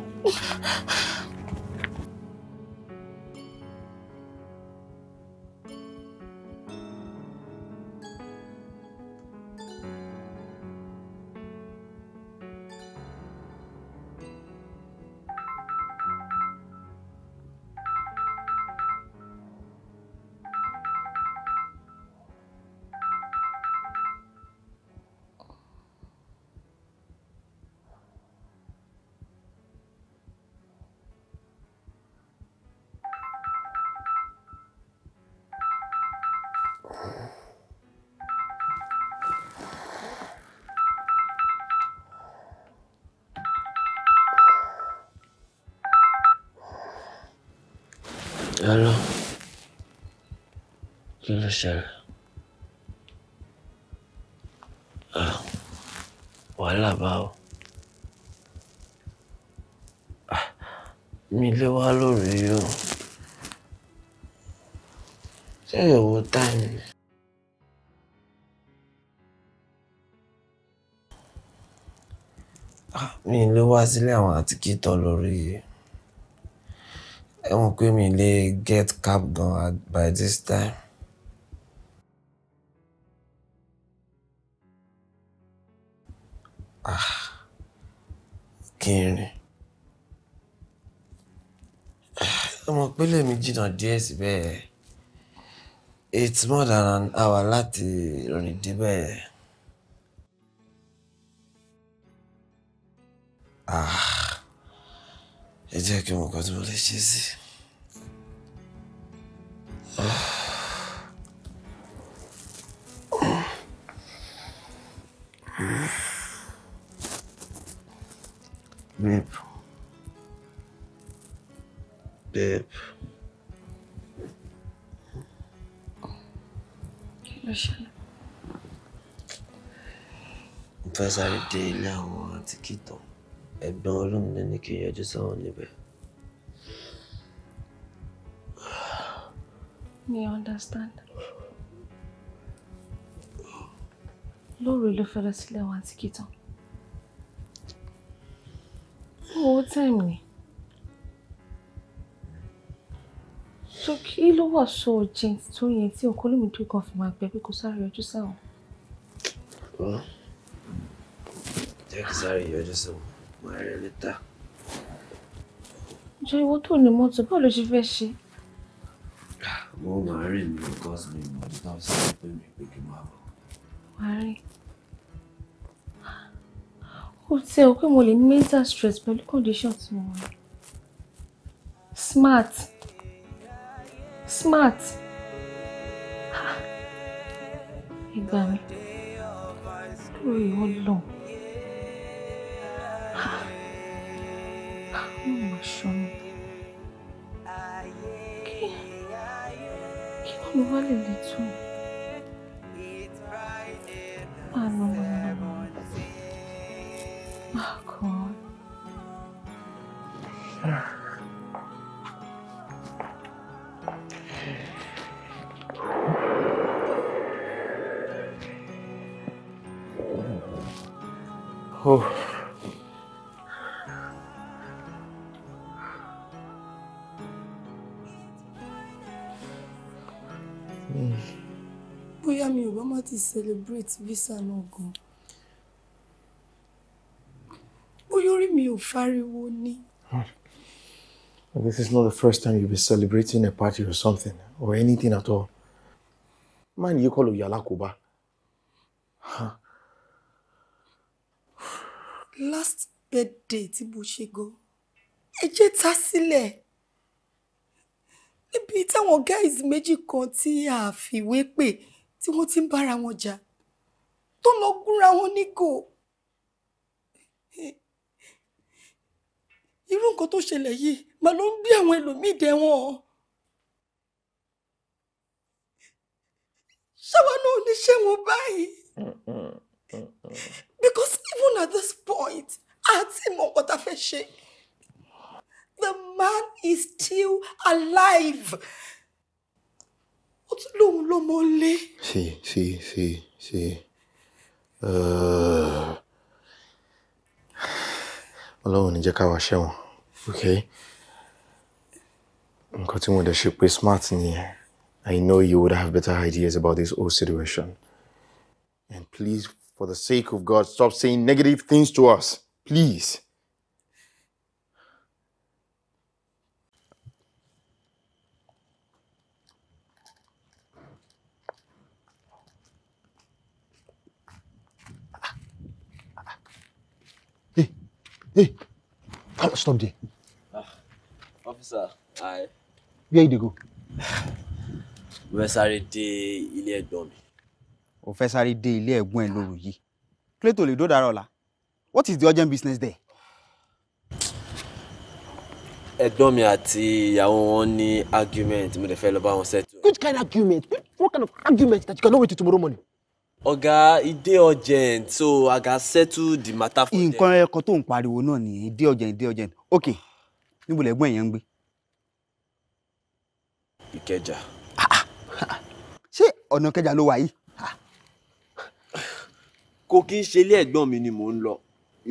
kí ló ṣẹlẹ̀? wàhálà bá o mi lé wá mi lè wá sílé àwọn àti kìtọ lórí ẹ̀wọ̀n pé mi lè get cab gan by this time. jìnnà díẹ̀ síbẹ̀ it's more than an hour láti rìn débẹ̀. Ah, ẹ jẹ́ kí n mọ̀ kọ́ tí mo lè ṣe sí i. dé ilé àwọn àtìkìtàn ẹ̀gbọ́n olómìnira ní kí n yọjú sáwọn níbẹ̀. mi understand lóòrè ló fẹ́ lọ sílé àwọn àtìkìtàn owó tẹ̀mí ni. so kí ló wà so urgent tó yẹn tí ọkọ olómìnira kan fi máa gbẹ pé kò sáré ojú sáwọn jẹ́ kí sáré yọjú sí wọn máa rí níta. jẹ́ ìwọ tó ní mọ́tò báwo ló ṣe fẹ́ ṣe. mo máa rìn ní ọgọ́sì mi mo ní táwọn sọ pé mi pé kí n máa bọ̀. wàá rìn ó tẹ́ pé mo lè ní mental stress pẹ̀lú condition tí mo wà. smart smart ìgbà mi lórí ọlọ́run. não machuca. Que, que não vale de tudo. activate visa náà gan bóyá orí mi ò fariwo ni. This is not the first time you'll been celebrating a party or something or anything at all. Man, you call Oyala Koba. Last birthday tí mo ṣe gan. Ẹ jẹ́ ta sílẹ̀. Níbi táwọn guys méjì kan tí a fìwé pè tí wọ́n ti ń bára wọn jà tó lọ gúnra wọn nígò irú nǹkan tó ṣẹlẹ̀ yìí mà ló ń gbé àwọn ẹlòmíì dẹ́wọ̀n ṣáwa náà ní ṣé wọn báyìí because even at this point àti mọ̀ nǹkan tá a fẹ́ ṣe the man is still alive ó tún lóun ló mọ lé. ṣe ṣe ṣe ṣe. Uh, Ọlọ́run ní jẹ́ ká wá ṣẹ̀wọ̀n okay nǹkan tí mo dẹ̀ ṣe pé smart nìyẹn I know you would have better ideas about this whole situation and please for the sake of God stop saying negative things to us please. Hey, come stop there. Uh, officer, I. Where did you go? Mo fẹ́ sáré dé ilé ẹ̀gbọ́n mi. O fẹ́ sáré dé do ẹ̀gbọ́n ẹ̀ lóru yìí. Clayton lè What is the urgent business there? Ẹ̀gbọ́n mi àti ìyàwó wọn argument mo dẹ̀ fẹ́ lọ bá wọn settle. Which kind of argument? What kind of argument that you can wait till tomorrow morning? ọ̀gá ìdé urgent so i gats settle the matter for them. nǹkan ẹ̀kọ́ tó ń pariwo náà ni ìdé urgent ìdé urgent ok níbo lẹ́gbọ́n èèyàn ń gbé. ìkẹjà. ṣé ọ̀nà kẹjà ló wà yìí. kò kí n ṣe ilé ẹ̀gbọ́n mi ni mò ń lọ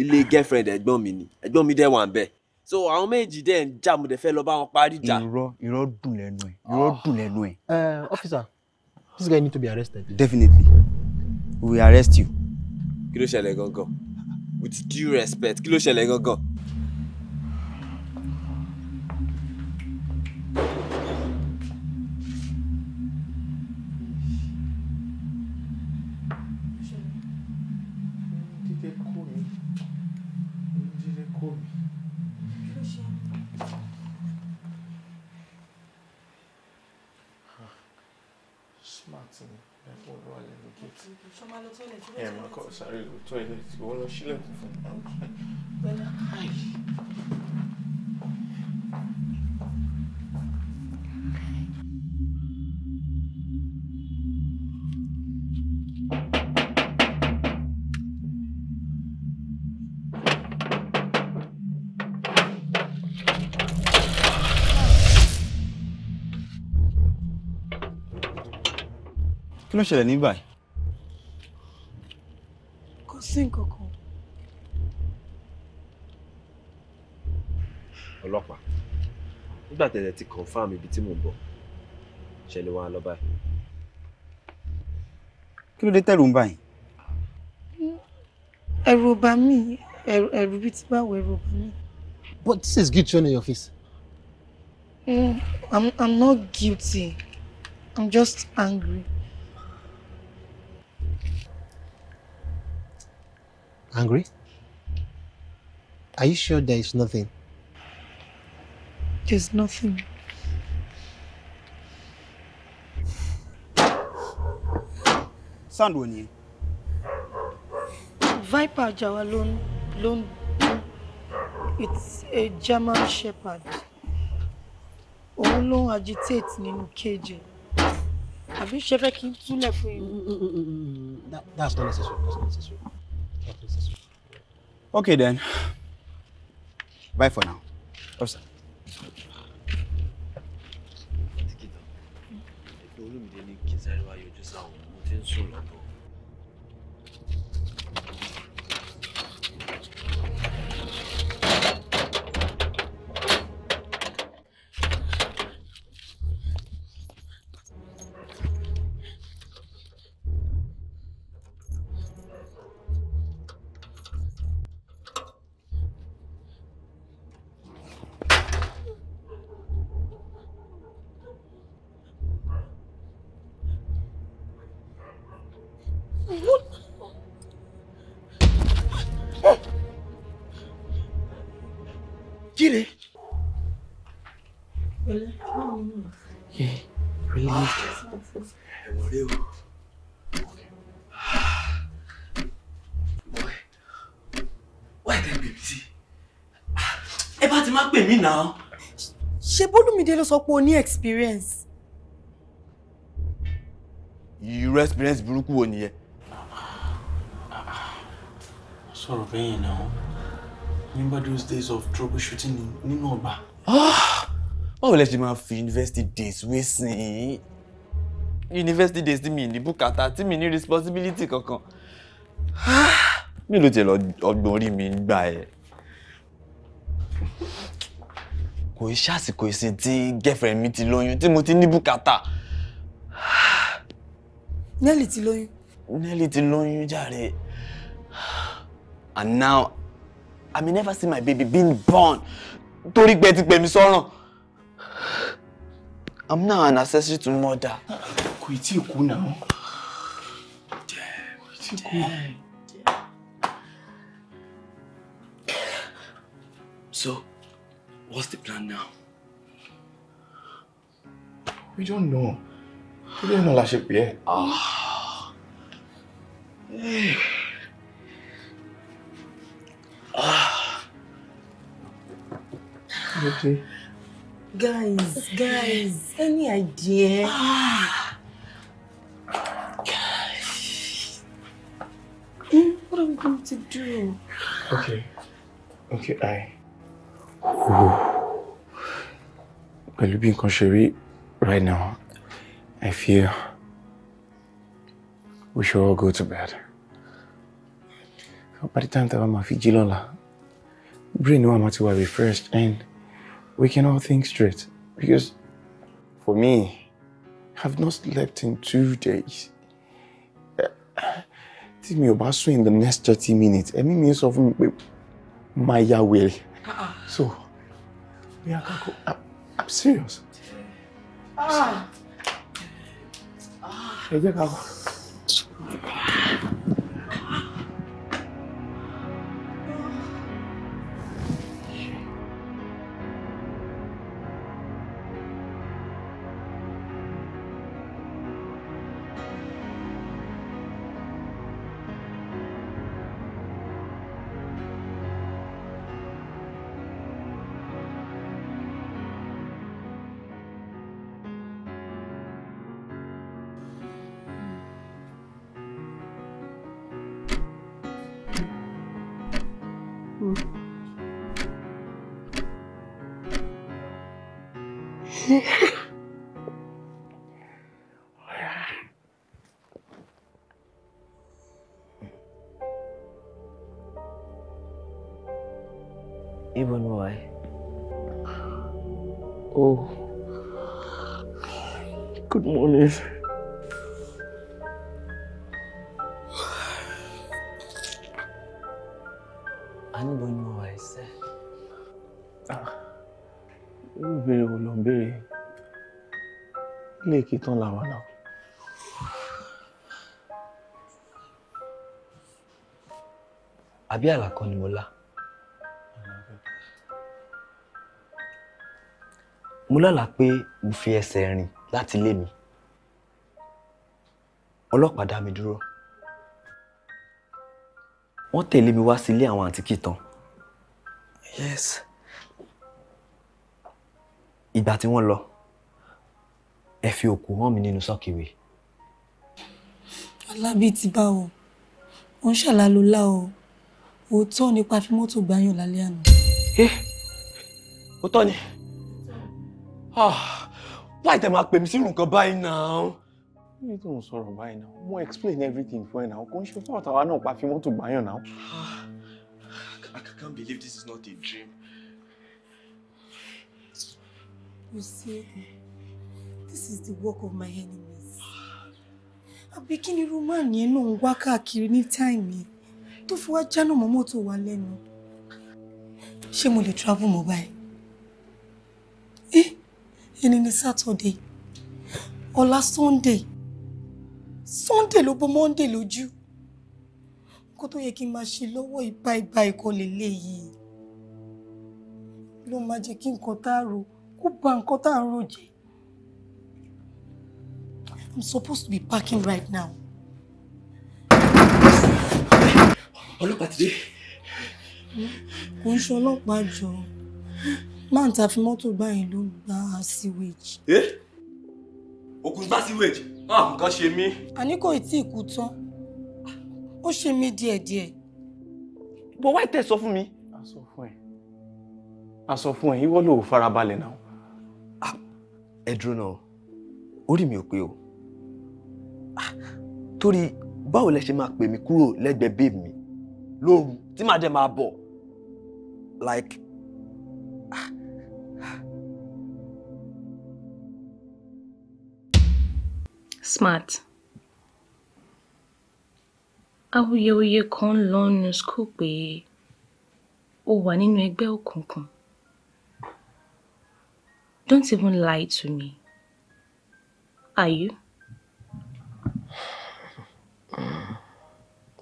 ilé girlfriend ẹ̀gbọ́n mi ni ẹ̀gbọ́n mi dẹ̀ wà ń bẹ̀ so àwọn méjì dẹ̀ ń jà mo dẹ̀ fẹ́ lọ bá wọn parí jà. irọ́ irọ́ dùn lẹ́nu ẹ̀ irọ́ dùn lẹ́nu ẹ ọ́fíìsà eh, this guy need to be arrested. definitely we will arrest you. kí ló ṣẹlẹ̀ with due respect kí ló Que with toilets. You wanna sí nǹkan kan. ọlọ́pàá nígbà tẹ̀lẹ̀ ti confam ibi tí mò ń bọ̀ ṣẹlẹ̀ wá lọ báyìí. kí ló dé tẹ̀rù ń bà yín. ẹ̀rù ò bà mí ẹ̀rù bíi ti báwo ẹ̀rù ò bà but this is guilt shown in your face. Mm, I'm, I'm not guilty. I'm just angry. Angry? Are you sure there is nothing? There's nothing. Sound Viper Ajawa ló ń It's a German shepherd. Òun ló ń agitate nínú kéèjì. Àbí ṣe fẹ́ kí n túlẹ̀ fún yín? Mm, mm, mm, that's not necessary. That's not necessary. Okay then. Bye for now. Awesome. Jire. Yeah, really. Ẹ̀wọ̀n rẹ o. Why then baby see? Ẹ bá ti máa pè mí náà. Ṣé Bólúmídé ló sọ pé o ní experience? Irú experience burúkú wo nìyẹn? Sọ̀rọ̀ bẹ́yìn náà. Remember those days of troubleshooting nínú ọgbà? Ah! Báwo lẹ ṣe máa fi university days We see University days tí mi ní bùkátà tí mi ní responsibility kankan. Ah! Mi ló tiẹ̀ lọ ọgbọ̀n orí mi gbà ẹ̀. Kò ṣàsìkò ìsìn tí girlfriend mi ti lóyún tí mo ti ní bùkátà. Nelly ti lóyún. Nelly ti lóyún jàre. And now I may never see my baby being born torí pé ti pè mí sọ́ràn. I'm now an accessory to murder. Kò tí ì kú náà. Kò So, what's the plan now? We don't know. We don't know la ṣe pè é. Ah. Hey. Eh. Ah. Okay. Guys, guys, any idea? Ah. Hmm, what are we going to do? Okay. Okay, I. Pẹ̀lú bí nǹkan right now, I feel we should all go to bed. by the time that máa fi jí brain wa máa ti refreshed and we can all think straight because for me I have not slept in two days eh, tí me about so in the next 30 minutes ẹ̀mí mi sọ fún mi pé máa ya wèrè so mi à kàkó I'm serious. Ah, jẹ́ ká wá. 嗯。àbí àlàkọ ni mo lá mo lálàá pé mo fi ẹsẹ̀ rìn láti ilé mi ọlọ́pàá dá mi dúró wọ́n tẹ̀lé mi wá sí ilé àwọn àǹtíkì tán yes ìgbà tí wọ́n lọ ẹ fi òkú hàn mí nínú sọ́kìwé. alábí ti bá wọ wọn ṣàlàlólá o òótọ́ nípa fi mọ́tò gbáyàn lálẹ́ àná. ẹ òótọ́ ni ah, wáyé tẹ máa pè mí sínú nǹkan báyìí náà kí ni tó ń sọ̀rọ̀ báyìí náà mo explain everything for ẹ náà kò ń ṣe fún ọ̀tàwá náà pa fi mọ́tò gbáyàn náà. Ah, I can't believe this is not a dream. You see, this is the work of my enemies. Àbí kí ni Roman yẹn náà ń wá káàkiri ní táìmì yìí? tó fi wá jáná mọ́ mọ́tò wa lẹ́nu ṣé mo lè travel mọ́ báyìí ẹ ẹni ní Saturday ọ̀la Sunday Sunday ló bọ́ Monday lójú kó tó yẹ kí n máa ṣe lọ́wọ́ ìbá ìbá ìkọ́ lélẹ́yìí ló máa jẹ́ kí nǹkan tá a rò kó bà nǹkan tá a rò jẹ́ I'm supposed to be packing right now. ọlọ́pàá ti dé. kò ń ṣe ọlọ́pàá jọ máa ń ta fi mọ́tò báyìí ló ń gba síwèjì. òkú gbá síwèjì nǹkan ṣe mí. àní kò tí ì kú tán ó ṣe mí díẹ̀díẹ̀. bọ̀ wá ìtẹ̀ sọ fún mi. a sọ fún ẹ a sọ fún ẹ ìwọ ló farabalẹ̀ náà. Ah, ẹ dúró náà orí mi ò pé o ah, torí báwo lẹ ṣe máa pè mí kúrò lẹ́gbẹ̀ẹ́ bèbè mi lóru tí màá dẹ̀ máa bọ̀ like. smart awuyewuye kan ń lọ nínú skul pé ó wà nínú ẹgbẹ́ òkùnkùn don't even lie to me are you.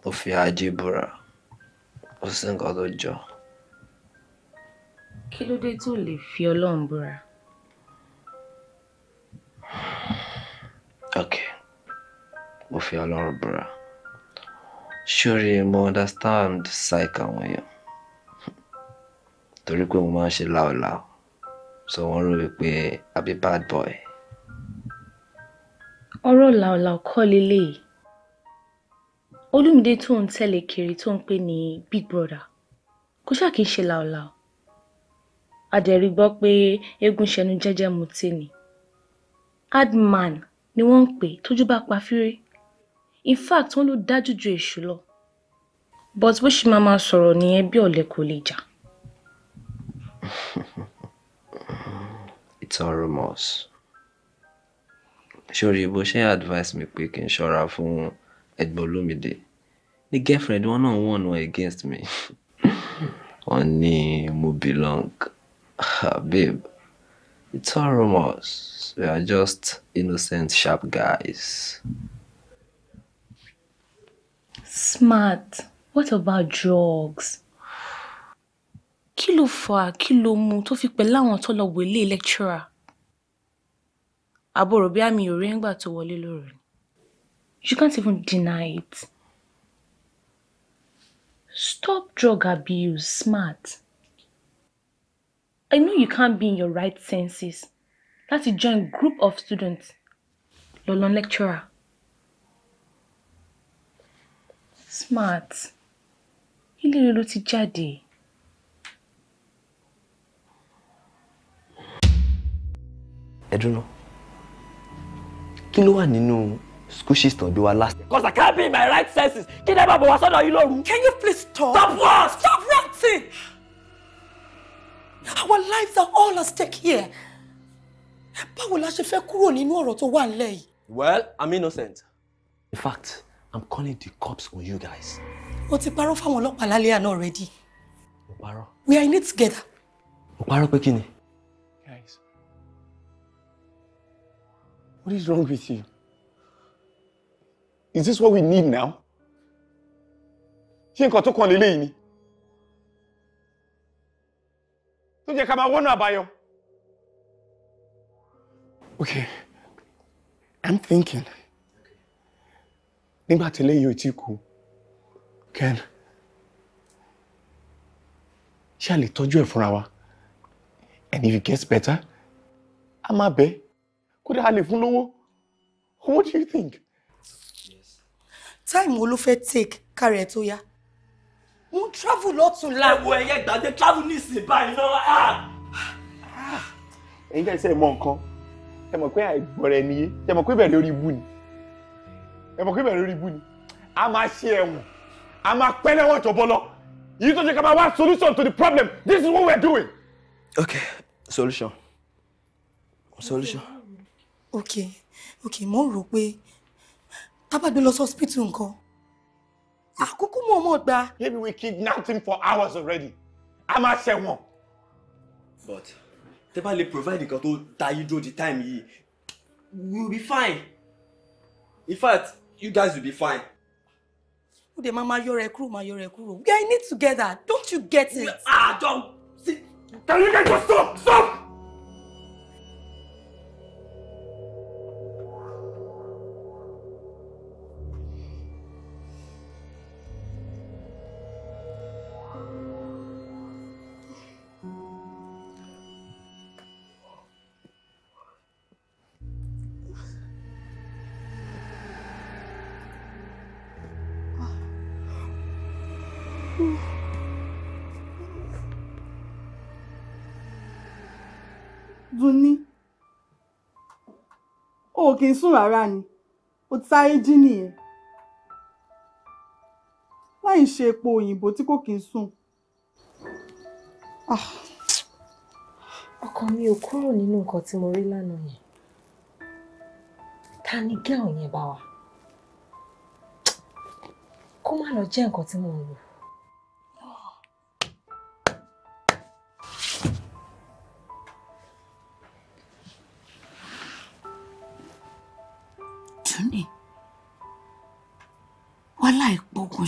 ó fi ajé búra kò sí nǹkan tó jọ. kí ló dé tó lè fi ọlọ́run búra. ok mo fi ọlọ́run búra ṣórí mo understand psych àwọn èèyàn torí pé mo máa ń ṣe láòláò so wọ́n rò wípé i be bad boy. ọ̀rọ̀ làòlàò kọ́ lélẹ́yìí olúmídé tó ń tẹ̀lé kiri tó ń pè ní big brother kò ṣáà kìí ṣe làólàó adẹ̀rí gbọ́ pé eégún ṣẹnu jẹ́jẹ́ mutí ni adman ni wọ́n ń pè tójú bá pa fírí in fact wọ́n ló dájú ju èṣù lọ but bó ṣe máa máa sọ̀rọ̀ nìyẹn bí ọ̀lẹ kò lè jà. it's all rumors. sori bó ṣe advice mi pé kí n ṣọ́ra fún ẹ̀gbọ́n olómìdé ní girlfriend wọn náà wọ̀n wọn against me wọn ní mo belong ah, babe it's all rumors we are just innocent sharp guys. smart what about drugs. kí ló fà á kí ló mú tó fi pẹ̀lú àwọn tó lọ wọlé lecturer àbúrò bí àmì òré ń gbà tó wọlé lóru. You can't even deny it. Stop drug abuse, smart. I know you can't be in your right senses That's a joint group of students Lolon lecturer. Smart. Ilé rẹ̀ ló ti jáde. I don't know. ló wà nínú school system bí wa last. because i can't be in my right senses kí ni ẹ bá bọ̀ wá sọ́dọ̀ yín lóru. can you please stop. stop what. stop ranting. our lives are all at stake here. báwo la ṣe fẹ́ kúrò nínú ọ̀rọ̀ tó wà nílẹ̀ yìí. well i'm innocent. in fact i'm calling the cops on you guys. o ti parọ́ fáwọn ọlọ́pàá lálẹ́ àná already. mo parọ́. we are in it together. mo parọ́ pé kí ni. guys what is wrong with you. Is this what we need now? Ṣé nǹkan tó kàn lélẹ́yìí ni? Tó jẹ́ ká máa wọ́nà àbáyọ. Okay, I'm thinking. Nígbà tí eléyìí ò tí kú, Ken, ṣé a lè tọ́jú ẹ̀ fúnra wa? And if it gets better, a máa bẹ̀. Kódà a lè fún lówó. What do you think? time wo ló fẹ́ take kárẹ̀ tó yá mo ń travel lọ́tún la. ẹ wo ẹyẹ gbàdé travel nísìnyí báyìí náà. Ah! Ah! ẹ̀yin jẹ́ iṣẹ́ ìmọ̀ nǹkan ẹ mọ̀ pé àìgbọ̀rẹ̀ nìyé ẹ mọ̀ pé bẹ̀rẹ̀ lórí ibú ni ẹ mọ̀ pé bẹ̀rẹ̀ lórí ibú ni a máa ṣe ẹ̀wọ̀n a máa pẹ́ lẹ́wọ̀n tó bọ́ You yìí tó ṣe ká máa wá solution to the problem this is what we are doing. okay solution solution. okay okay mo rò pé tábàgbé lọ sọ́spítù nǹkan àkókò mọ̀ ọmọ gba. maybe we kidnapped him for hours already a máa ṣẹ̀wọ̀n. but tẹ́ bá lè provide nǹkan tó tayé dúró di time yìí we will be fine in fact you guys will be fine. ó dé máa máa yọrọ ẹ kúrò máa yọrọ ẹ kúrò we are in it together don't you get it. ah uh, don see can you get your stop stop. o kì í sùn rárá ni o ti sáré jí nìyẹn láì ṣe epo òyìnbó tí kò kì í sùn. Ah. ọkàn mi ò kúrò nínú nǹkan tí mo rí lánàá yẹn ta ni gẹ́ọ̀ yẹn bá wa kó má lọ jẹ́ nǹkan tí mo ń lò.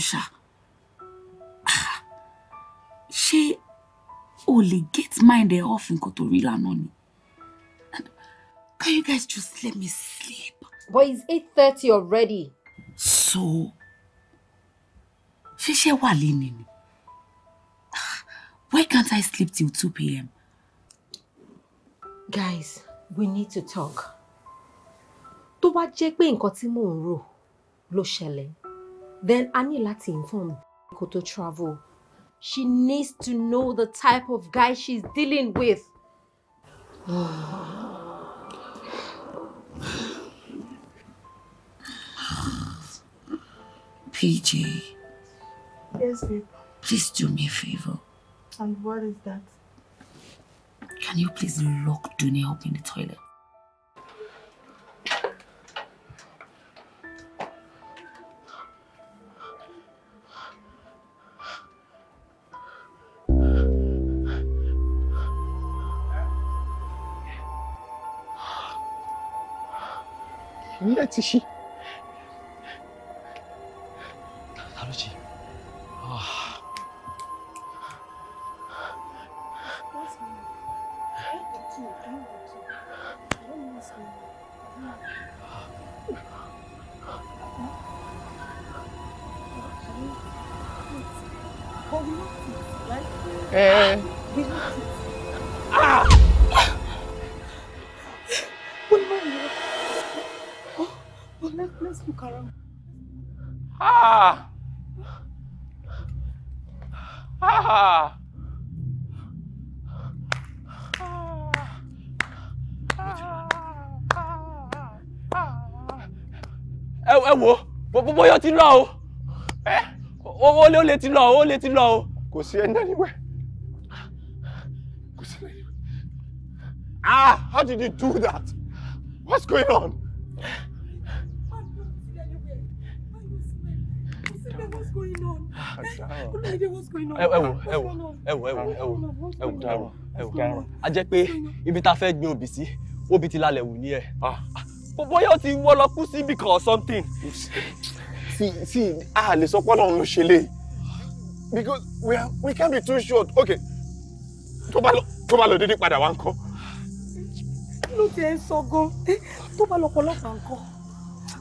kan ṣá ah, ṣé o lè get mind ẹ off nǹkan tó rí lánàá ni can you guys just let me sleep. but it's eight thirty already. so ṣiṣẹ́ wà lẹ́ni ni why can't I sleep till two pm. guys we need to talk tó bá jẹ́ pé nǹkan tí mò ń rò ló ṣẹlẹ̀ then I need to inform travel. She needs to know the type of guy she's dealing with. PJ. Yes, babe. Please do me a favor. And what is that? Can you please lock Dunia up in the toilet? ci shi ó lé ó lè ti lọ ó lè ti lọ o. kò sí ẹni ẹni wẹ kò sí ẹni wẹ. ah how did you do that what's going on. What's going on? Ẹ wo ẹ wo ẹ wo ẹ wo ẹ wo ẹ wo ẹ wo ẹ wo. A jẹ́ pé ibi tá a fẹ́ gbin obì sí, obì ti lálẹ́ wù ní ẹ̀. Ah. Ah, bóyá o ti wọ́ kú síbì kan or something see see a lè sọ pé Ọlọ́run ló ṣe léyìí because we are we can't be too short, okay tó bá lọ tó bá lọ dédé padà wá ńkọ́. kí ló ti ẹ sọ gan tó bá lọ pọlọpàá ńkọ́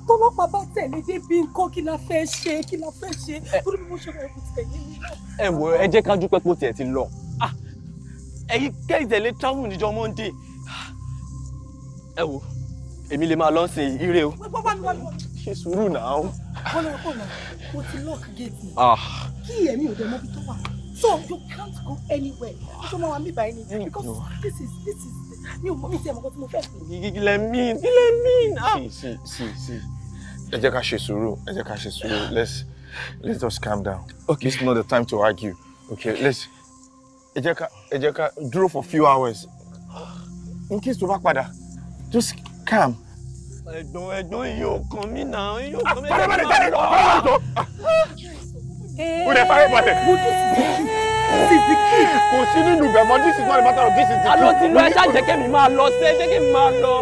tọlọpàá bá tẹ̀lé débi ńkọ́ kí la fẹ́ ṣe kí la fẹ́ ṣe torí mo ṣe kò tẹ̀lé mi. ẹ wo ẹ jẹ́ ká dúpẹ́ pé ó tiẹ̀ ti lọ ẹ̀yin kẹ́hìntẹ̀lé travel níjọ́ monday ẹ wo èmi lè máa lọ́sìn ire o ṣe sùúrù náà kọ́lọ́ kọ́lọ́ mo ti lock gate ni ah. kí ẹ̀mí ò dẹ̀ mọ́bi tó wà so you can't go anywhere ṣé ọmọ wa mi bá ẹni because no. this is this is mi ò mọ mi ti ẹ̀ mọ́ kó tí mo fẹ́ pè. ilẹ̀ mi ilẹ̀ mi. sí sí sí ẹ jẹ́ ká ṣe sùúrù ẹ jẹ́ ká ṣe sùúrù let's let's just calm down okay. this is not the time to argue okay let's ẹ jẹ́ ká ẹ jẹ́ ká dúró for few hours in case tó bá padà just calm ẹ̀gbọ́n ẹ̀gbọ́n iye òkan mi nà iye òkan mi. fọlọ́mọdé jáde lọ fọlọ́mọdé tó. o lè fara balẹ̀. kò sí nínú ibẹ̀ mọ́ this is not a matter of this is the truth. alo ti lọ ẹ ṣáà máa lọ ṣe é jẹ́ kẹ́mi máa lọ.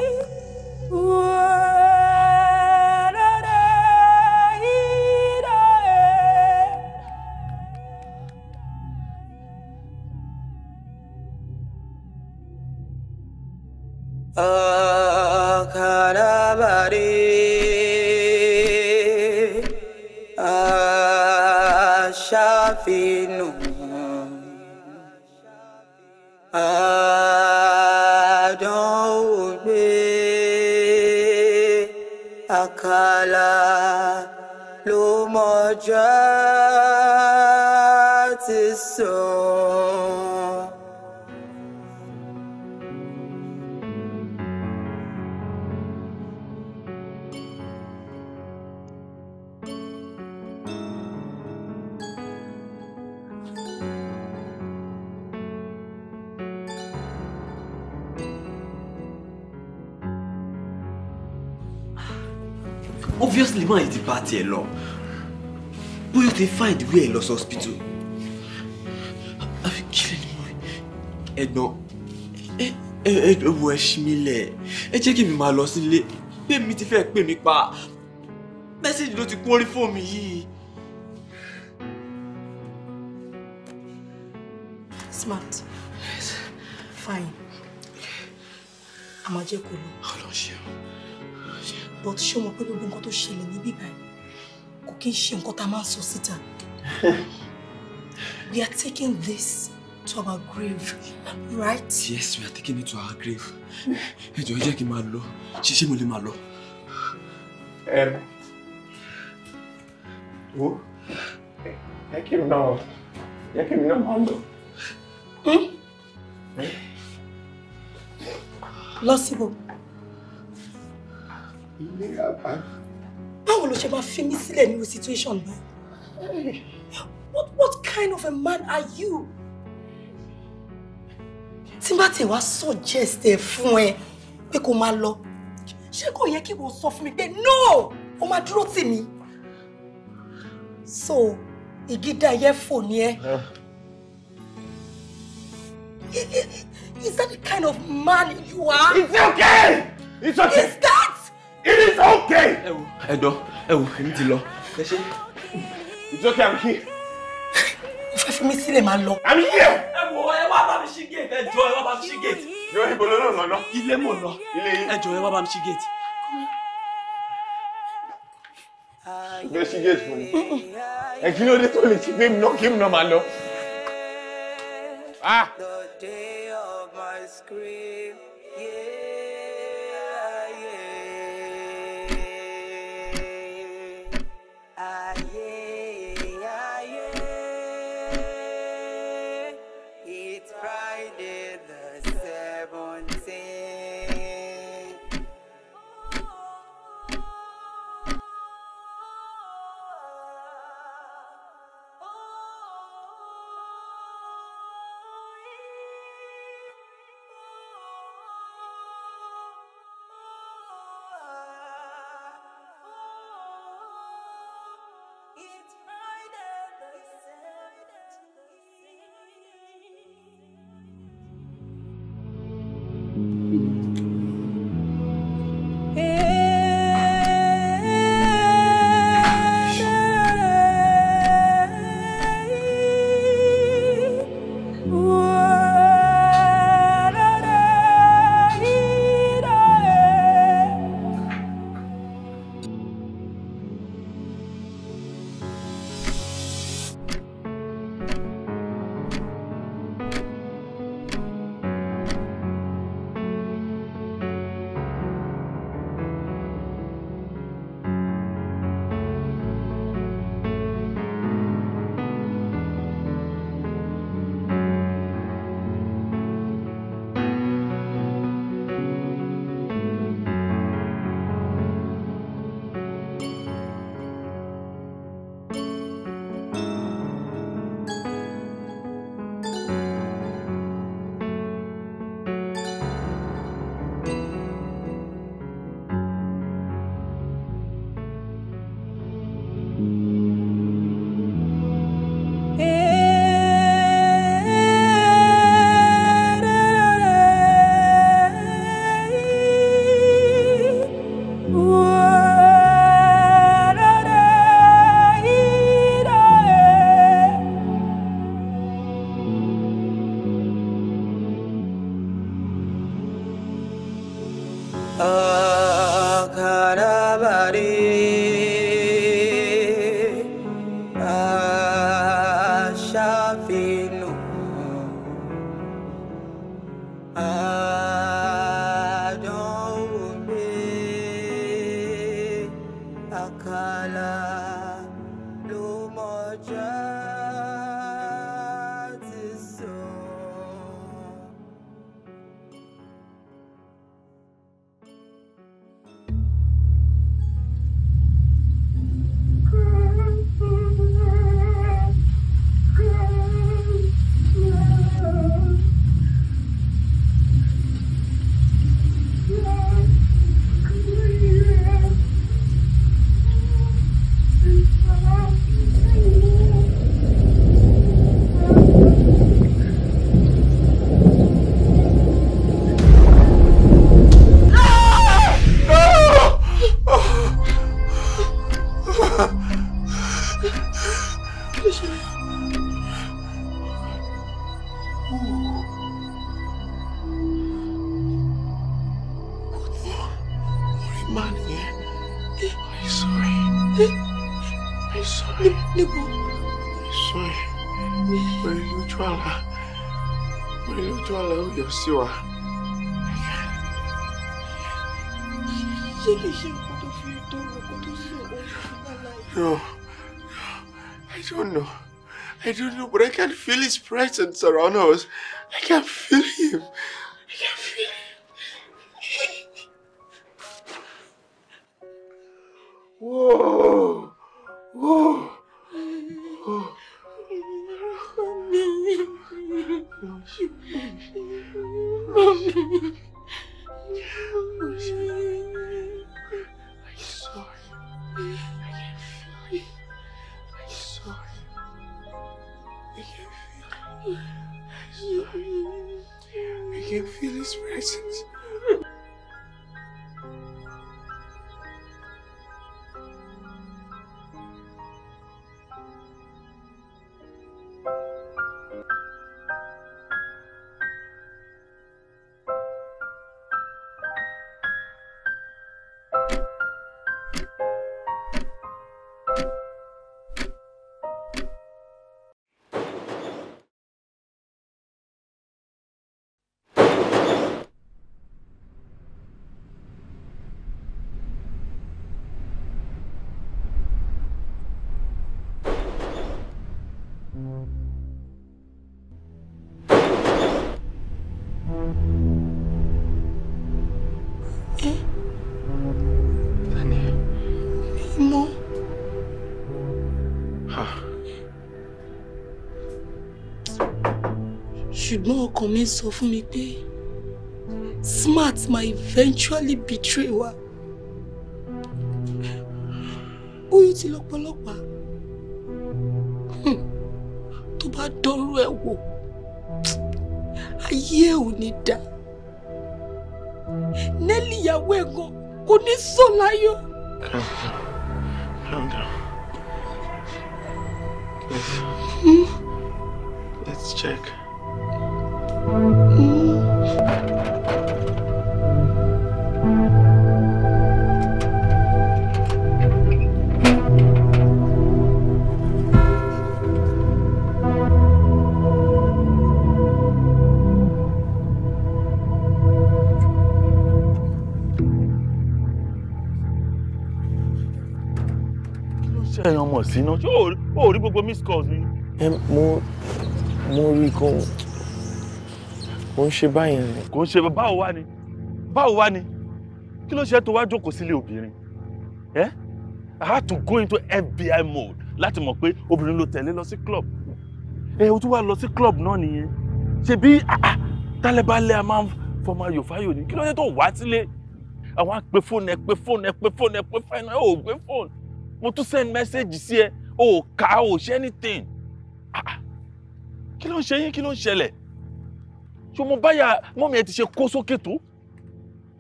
máa is the party alone? lọ bóyá o find where ẹ lost hospital Have you lè ní wọ́n ẹ̀gbọ́n ẹ̀gbọ́n wo ẹ ṣí mi lẹ̀ ẹ jẹ́ kí mi máa to sílé pé mi ti fẹ́ pè mí pa mẹ́sẹ̀jì ló ti kú orí fóònù smart yes. fine àmọ́ jẹ́ kó lọ. ọlọ́ṣẹ́ but ṣé o mọ̀ pé gbogbo nǹkan tó ṣẹlẹ̀ níbí báyìí kò kí ń ṣe nǹkan tá a máa ń sọ síta. we are taking this to our grave right. yes we are taking it to our grave. ẹ jọ̀ọ́ ẹ jẹ́ kí n máa lọ ṣe ṣé mo lè máa lọ. wo jẹ́ kí n náà jẹ́ kí n náà máa lọ. Hmm? lọ síbò. How will báwo ló ṣe máa fi mí situation man? what what kind of a man are you tí bá tẹ̀ wá suggest ẹ̀ fún ẹ pé kó máa lọ ṣé kò yẹ kí wọ́n no ó máa dúró tì mí so ìgídà yẹ fò ní ẹ. Is that the kind of man you are? It's okay! It's okay! Is that it is okay. ẹ wo ẹ dọ ẹ wo èmi ti it's okay i'm here. o me see them alone. máa lọ. i'm here. ẹ wo ẹ wá bá gate ẹ jọ ẹ wá gate. yọ ibo lọ lọ lọ. ilé mò ń lọ ẹ jọ ẹ wá bá gate. bẹ́ẹ̀ ṣí gate fún mi ẹ kí ló dé tó lè ṣe pé mi náà Ah. The day of my scream, yeah. don't know. I don't know, but I can feel his presence around us. I can feel him. I can feel him. Whoa. Whoa. Whoa. Mommy. Mommy. his presence. ṣùgbọ́n ọkàn mi sọ fún mi pé smart ma eventually betray wa oyún ti lọ́pọ̀lọpàá tó bá dọ́rú ẹ̀ wò ayé ẹ̀ ò ní dá nẹ́lì ìyàwó ẹ̀ gan kò ní sọ láyọ̀. Calm down. let's check èèyàn mọ̀ sí náà ṣé ò rí gbogbo miss calls mi. mo mo rí kó kò ń ṣe báyìí ni. kò ń ṣe báwo wá ni báwo wá ni kí ló ṣe tó wá jókòó sílé obìnrin ẹ i had to go into FBI mode láti mọ̀ pé obìnrin ló tẹ̀lé lọ sí club ẹ o tún wá lọ sí club náà nìyẹn ṣebí tálẹ́bálẹ́ a máa ń fọmọ ayòfáyò ni kí ló ṣe tó wá sílé àwọn á pe fóònù ẹ pe fóònù ẹ pe fóònù ẹ pe fóònù ẹ ò gbé fóònù mo tún send message sí ẹ ò kà á ò ṣe anything kí ló ń ṣe yín kí ló ń ṣẹlẹ̀ ṣé mo báyà mọ́mí ẹ ti ṣe kó sókè tó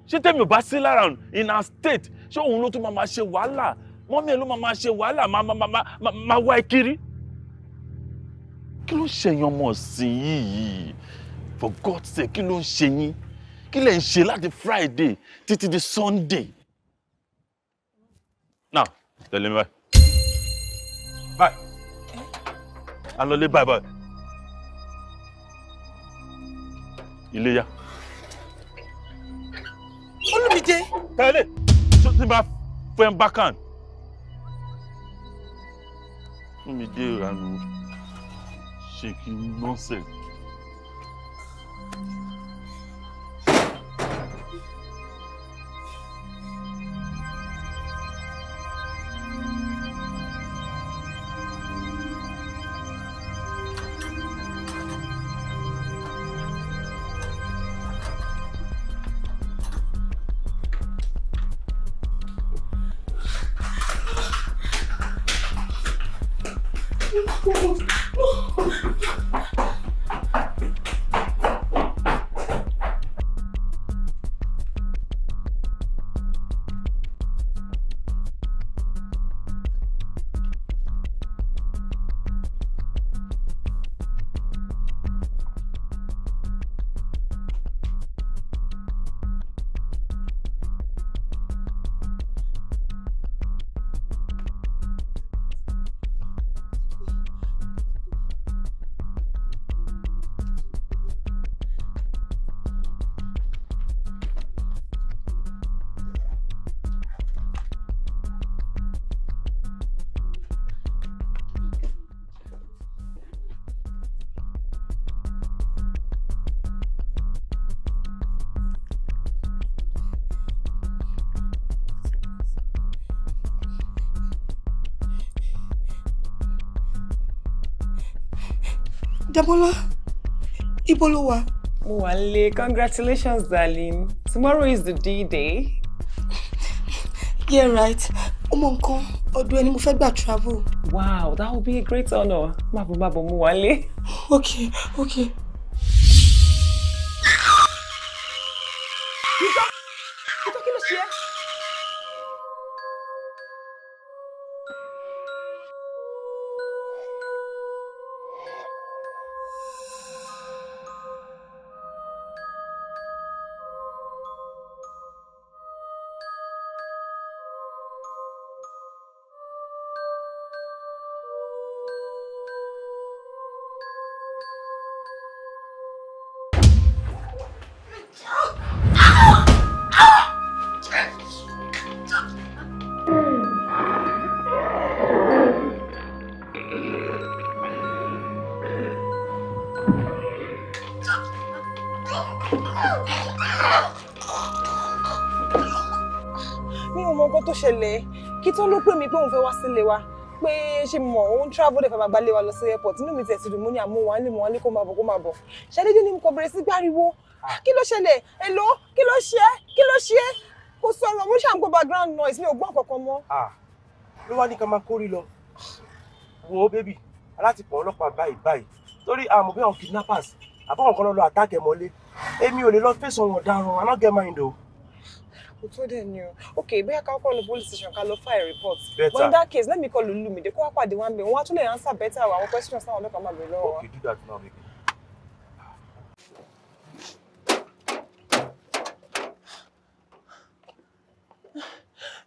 ṣé tèmi ò bá sí lára in our state ṣé òun ló tún máa ṣe wàhálà mọ́mí ẹ ló máa ṣe wàhálà máa wá ẹ kiri kí ló ń ṣe yan ọmọ ọ̀sìn yìí for God's sake kí ló ń ṣe yín kí lè ń ṣe láti Friday títí di Sunday now tẹ̀lé mi báyìí báyìí a lọ lé báyìí báyìí. iléyá. olùmíjẹ. tẹ́lẹ̀ tó ti bá fẹ́ bákan. olùmíjẹ ìranù ṣe kí nọ́ọ̀sẹ̀. Demola, ibo lo wà? Congratulations, darling. Tomorrow is the D-Day. yeah, right. Ọmọ nǹkan, ọdún ẹni mo travel. Wow, that would be a great honor. Má bọ̀ má Okay, okay. fẹ́ wá sílé wa pé ṣe mọ̀ ó ń travel dẹ̀ fẹ́ máa gbálé wa lọ sí airport inú mi tẹ̀ sí dùn mú ní àmú wọn lè wọn lè kó máa bọ̀ kó máa bọ̀ ṣàdédé ni mo kàn bẹ̀rẹ̀ sí gbáriwo ah. kí ló ṣẹlẹ̀ èlò kí ló ṣe kí ló ṣe kò sọ̀rọ̀ mo ṣàn gbọ́ background noise mi ò kankan mọ́. Ah. ló wá ní ká máa kórìí lọ wo bébì aláti pọ̀ ọlọ́pàá báyìí báyìí torí àmọ̀ bí àwọn kidnappers àbọ̀wọ̀n kan lọ lọ àtàkẹ́ mọ́lé èmi ò lè lọ fẹ̀sùn ọ̀daràn alágẹ̀mọ́ ìdò ó tó dẹ̀ ni o ok bóyá ká kọ́ lọ police station ká lọ file report better but in that case let me call Olumide kó wá pàdé wá ń bẹ̀ wọ́n á tún lè answer better àwọn questions táwọn ọlọ́pàá máa bèèrè lọ́wọ́. ok do that now make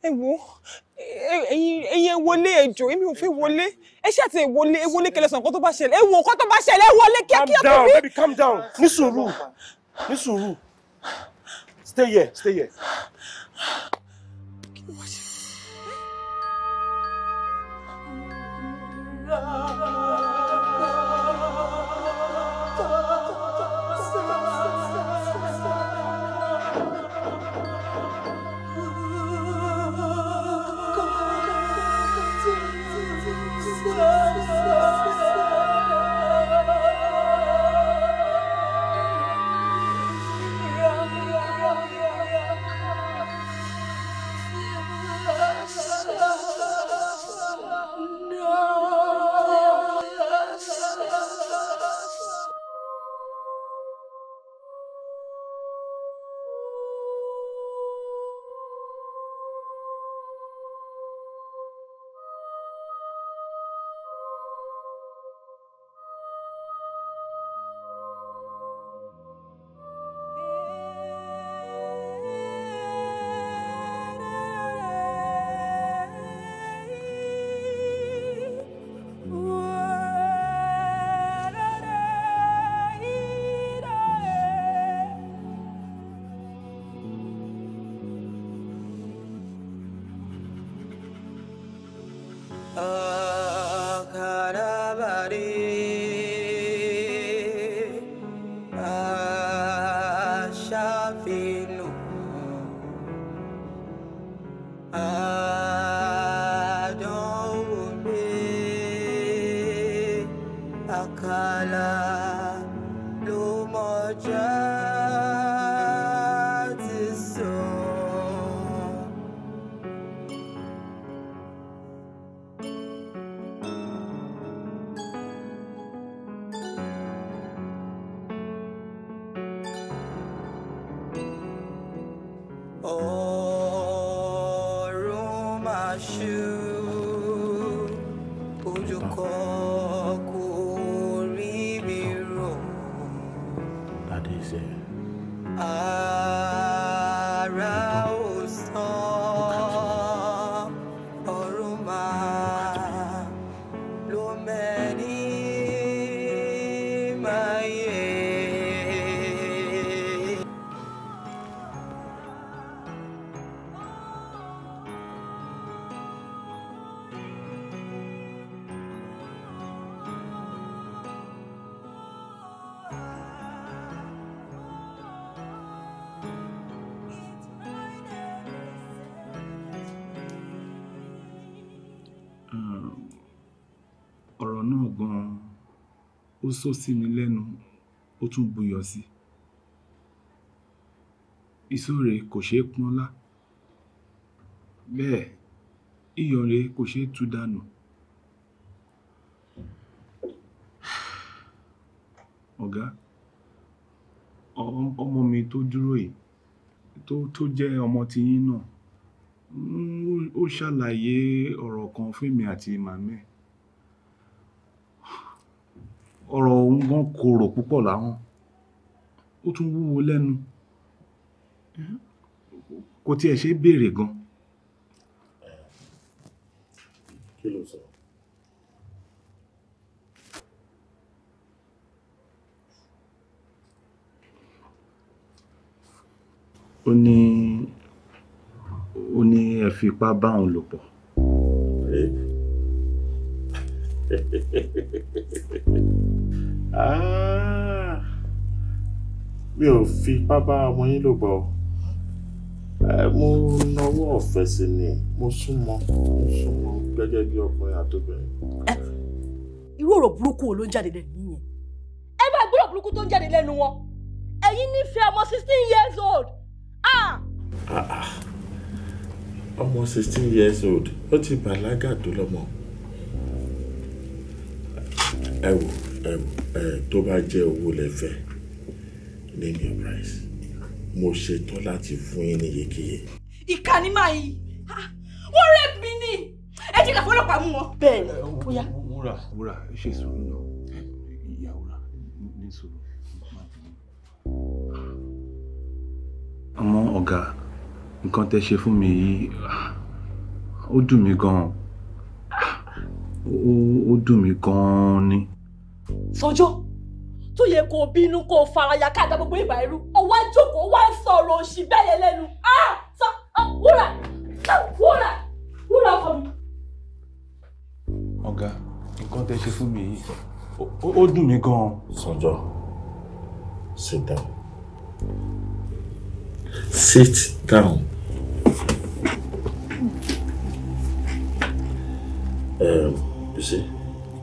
ẹ wo ẹyin ẹyin ẹ wọlé ẹjọ èmi ò fẹ́ wọlé ẹ ṣe àti ìwọlé ìwọlé kẹlẹsàn nǹkan tó bá ṣẹlẹ̀ ẹ wo nǹkan tó bá ṣẹlẹ̀ ẹ wọlé kíákíá tó bí. calm down baby calm down ní sùúrù ní sùúrù Stay here. Stay here. só sí mi lẹ́nu ó tún buyọ̀ sí ìsúre kò ṣeé pọ́nlá bẹ́ẹ̀ ìyọ̀nre kò ṣeé tú dànù ọ̀gá ọmọ mi tó dúró yìí tó tó jẹ́ ọmọ tiyín náà ó ṣàlàyé ọ̀rọ̀ kan fún èmi àti màmí ẹ̀ wọ́n korò púpọ̀ láwọn ó tún wúwo lẹ́nu kò tiẹ̀ ṣe é béèrè gan. kí ló sọ. ó ní ó ní ẹ fipá bá òun lò pọ̀. Hehehehe Ah. mi ò fi ipá bá ọmọ yín lò gbọ́ mo nawọ́ ọ̀fẹ́ sí ni mo súnmọ́ mo súnmọ́ gẹ́gẹ́ bí ọkùnrin àtobìnrin. irú ọ̀rọ̀ burúkú wo ló ń jáde lẹ́nu yẹn. ẹ bá gbọ́dọ̀ burúkú tó ń jáde lẹ́nu wọn ẹ̀yin nífẹ̀ẹ́ ọmọ sixteen years old. Ah. Ah, ọmọ sixteen years old ó ti bàlágà tó lọ́mọ ẹ wò. Eh, tó bá jẹ́ owó lẹ́fẹ̀ẹ́ name your price mo ṣetán láti fún yín ní iyekíye. ìkànnì máa yìí wọ́n rẹ̀ mí ni ẹ jẹ́ ká fọlọ́pàá mú wọn. bẹ́ẹ̀ ni ó yá. wúrà wúrà ṣe sùúrù náà ìyá wúrà ní sùúrù máa dùn. àmọ́ ọ̀gá nǹkan tẹ́ ṣe fún mi yìí ó dùn mí gan-an ó dùn mí gan-an ni sọjọ́ tó yẹ kó bínú kó faraya káàdá gbogbo ìgbà irú ọwọ́ àjòkó wá ń sọ̀rọ̀ òṣì bẹ́yẹ lẹ́nu sọ wúrà wúrà wúrà ọkọ mi. ọ̀gá nǹkan tẹ́ ṣe fún mi yìí ó dùn mí gan-an. sọjọ́ sit down sit down. Um, you see,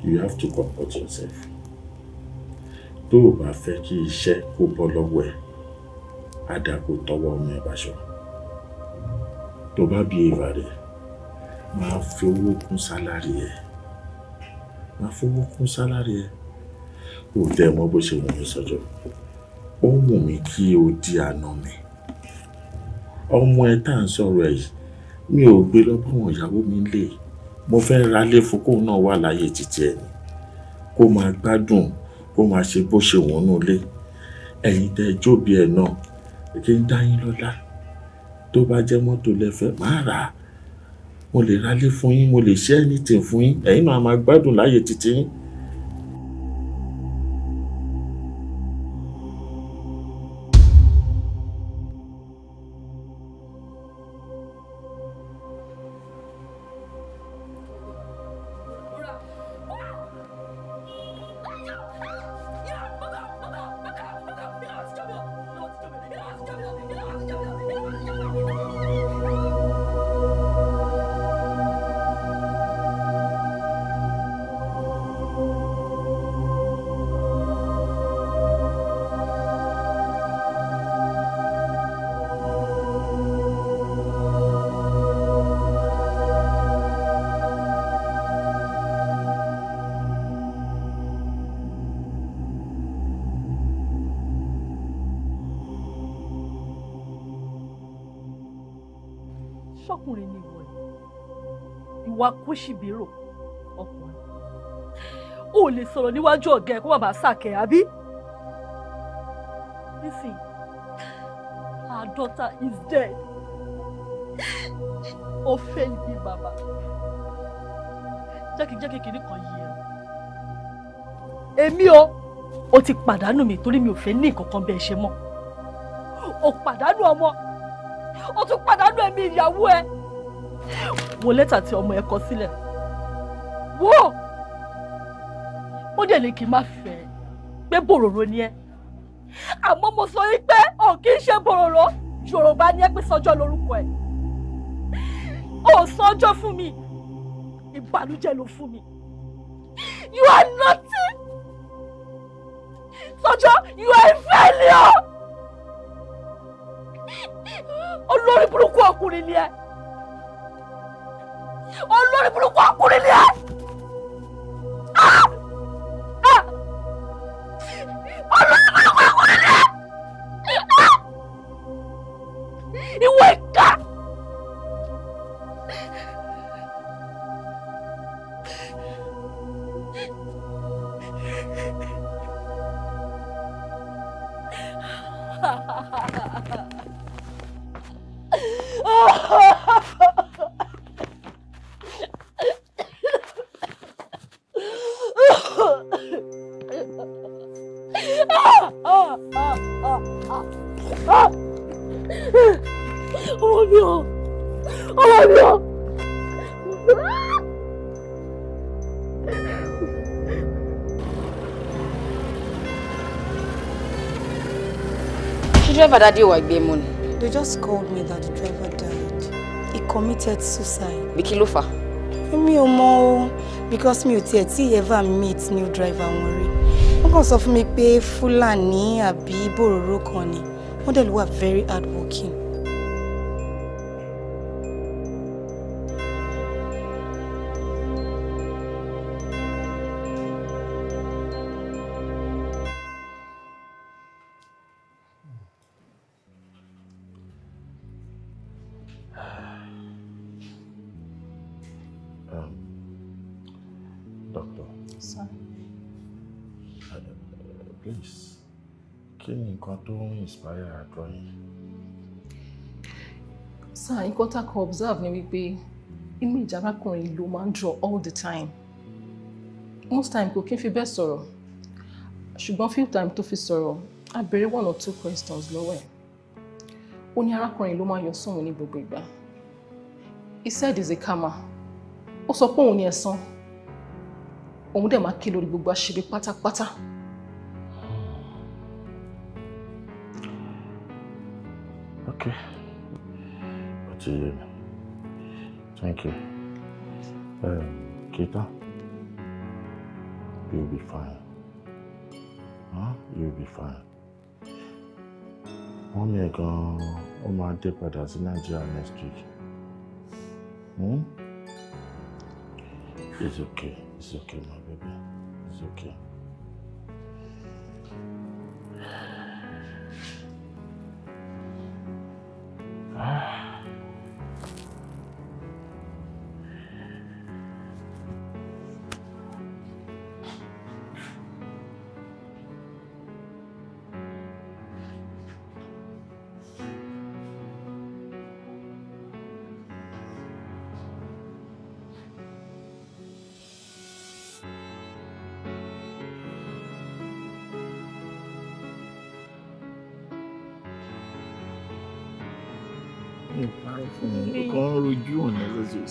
you have to comport yourself tó o bá fẹ́ kí iṣẹ́ kó bọ́ lọ́wọ́ ẹ̀ á dáa kó tọwọ́ ọmọ ẹ̀ báṣọ. tó bá bí èèvà rẹ̀ máa fi owó kún sálárì ẹ̀ máa fowó kún sálárì ẹ̀ kò tẹ́ ẹ mọ́ bó ṣe wù mí sọ́jọ́ ó wù mí kí o di àná mi ọmọ ẹ tá à ń sọ̀rọ̀ ẹ̀ yìí mi ò gbé lọ ìyàwó mi lè mo fẹ́ ra ilé fún kóun náà wà láyé títí ẹ̀ ni kó máa gbádùn kó máa ṣe bó ṣe wọ́n nù lé ẹ̀yin tẹ́ jóbi ẹ̀ náà kí n dá yín lọ́lá tó bá jẹ́ mọ́tò lẹ́fẹ̀ẹ́ máa rà á mo lè ralé fún yín mo lè ṣe anything fún yín ẹ̀yin náà máa gbádùn láyé títí yín kó sì bírò ọkùnrin o lè sọ̀rọ̀ níwájú ọ̀gá ẹ̀ kó bàbá sàkẹ́ àbí nísìn our daughter is dead ó fẹ́ ibi bàbá jẹ́kijẹ́ki kìíní kan yìí ẹ̀ èmi o o ti pàdánù mi torí mi ò fẹ́ ní ìkankan bẹ́ẹ̀ ṣe mọ́ o pàdánù ọmọ o tún pàdánù ẹ̀mí ìyàwó ẹ̀ wo lẹ́tà tí ọmọ ẹ kọ sílẹ̀ wo ó dẹ̀ ní kí n má fẹ́ pé bòròrò ni ẹ àmọ́ mo sọ yín pé ò kì í ṣe bòròrò yorùbá ni ẹ pé sọjọ́ lórúkọ ẹ̀ ò sọjọ́ fún mi ìbànújẹ́ ló fún mi. driver daddy wà gbé mu ni. They just called me that the driver died. He committed suicide. Bí kí fa. fà? Mi ò o because mi ò ti tí ever meet new driver wọn rí. Wọ́n kàn sọ fún mi pé Fúlàní àbí Bòròró kan ni. Wọ́n dẹ̀ ló wà very hardworking. please kí ni nǹkan tó ń inspire àjọ yín. sir nǹkan tá a kàn observe ni wípé image arákùnrin ló máa ń draw all the time most time kò kí n fi bẹ́ẹ̀ sọ̀rọ̀ ṣùgbọ́n few time tó fi sọ̀rọ̀ a béèrè one or two questions lọ́wọ́ ẹ̀ ó ní arákùnrin ló máa ń yọ sóhun ní gbogbo ìgbà he said he's a karma ó sọ pé òun ni ẹ̀san òun dẹ̀ máa kí lórí gbogbo àṣírí pátápátá. Mm -hmm. Okay. But, uh, thank you. Um, Kita, you'll be fine. Huh? You'll be fine. Wọ́n mi gan-an, my dear dé padà sí Nàìjíríà next week. Hmm? It's okay. It's okay, my baby. It's okay.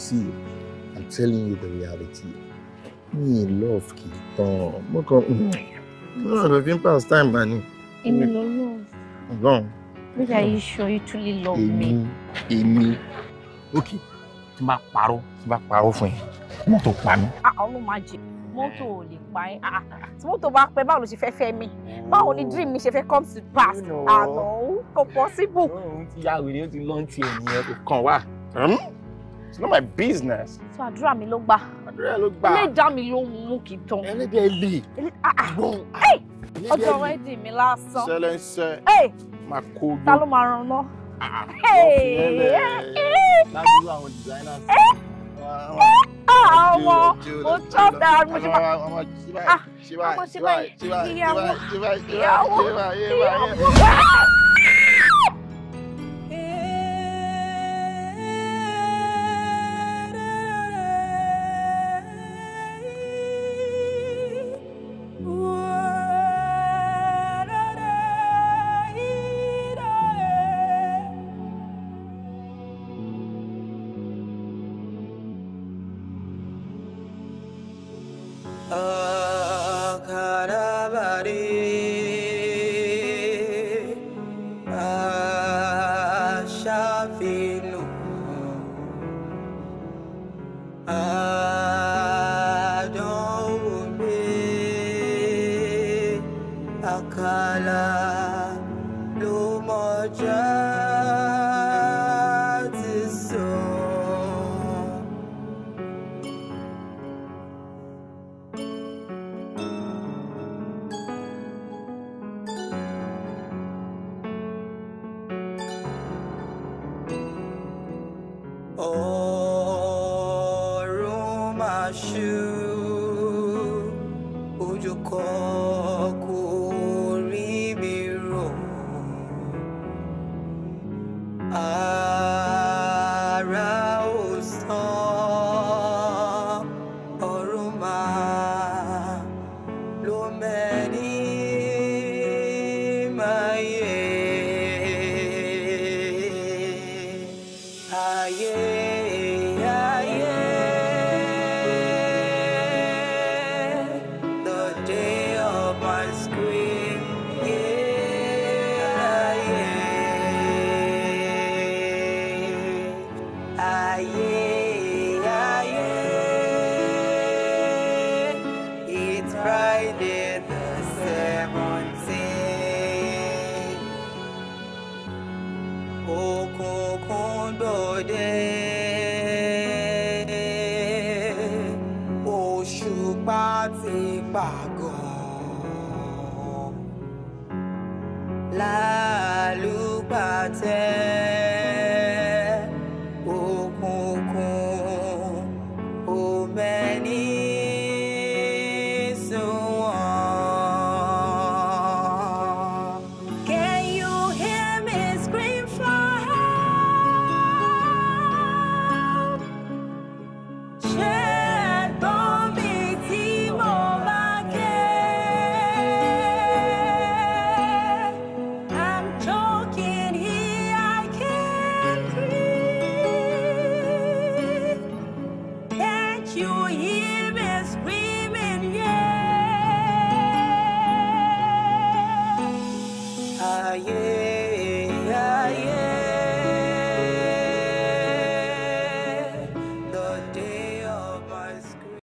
see i'm telling you the reality mi love kì í tán mo kàn mm, mo kàn pass time man. ní. love lọ lọ. Ọlọ́run. are you sure you truly love me? èmi èmi ok tí n bá parọ́ tí n bá parọ́ fún ẹ mọ́tò pa mí. ọlọ́run máa jẹ mọ́tò ò lè pa ẹ́ ah, ah, tí mọ́tò bá pẹ́ báwo ló ṣe fẹ́ fẹ́ mi báwo ni dream mi ṣe fẹ́ come to pass àná ah, kò possible. òun ti ya wèrè ó ti lọ́ntì ẹ̀yìn ẹ̀ kò kàn wá. Hmm? It's not my business. So I àdúrà mi ló gbà. Àdúrà ló gbà. Ẹlẹ́dàá mi ló mú kí tán. Ẹlẹ́dàá ẹlẹ́. Gbọ́n. Ah, ah. Ọjọ́ wẹ́dì mi lásán. Sẹ́lẹ̀nsẹ́. Máa kó ló. Ta ló máa ràn ah, lọ? Eh, eh, Lábúrò àwọn designers. Eh, ọmọ mo tọ́ dára mo ṣe máa. Ọmọ ṣe báyìí. Ọmọ ṣe báyìí. Ìyàwó. Ìyàwó. Ìyàwó.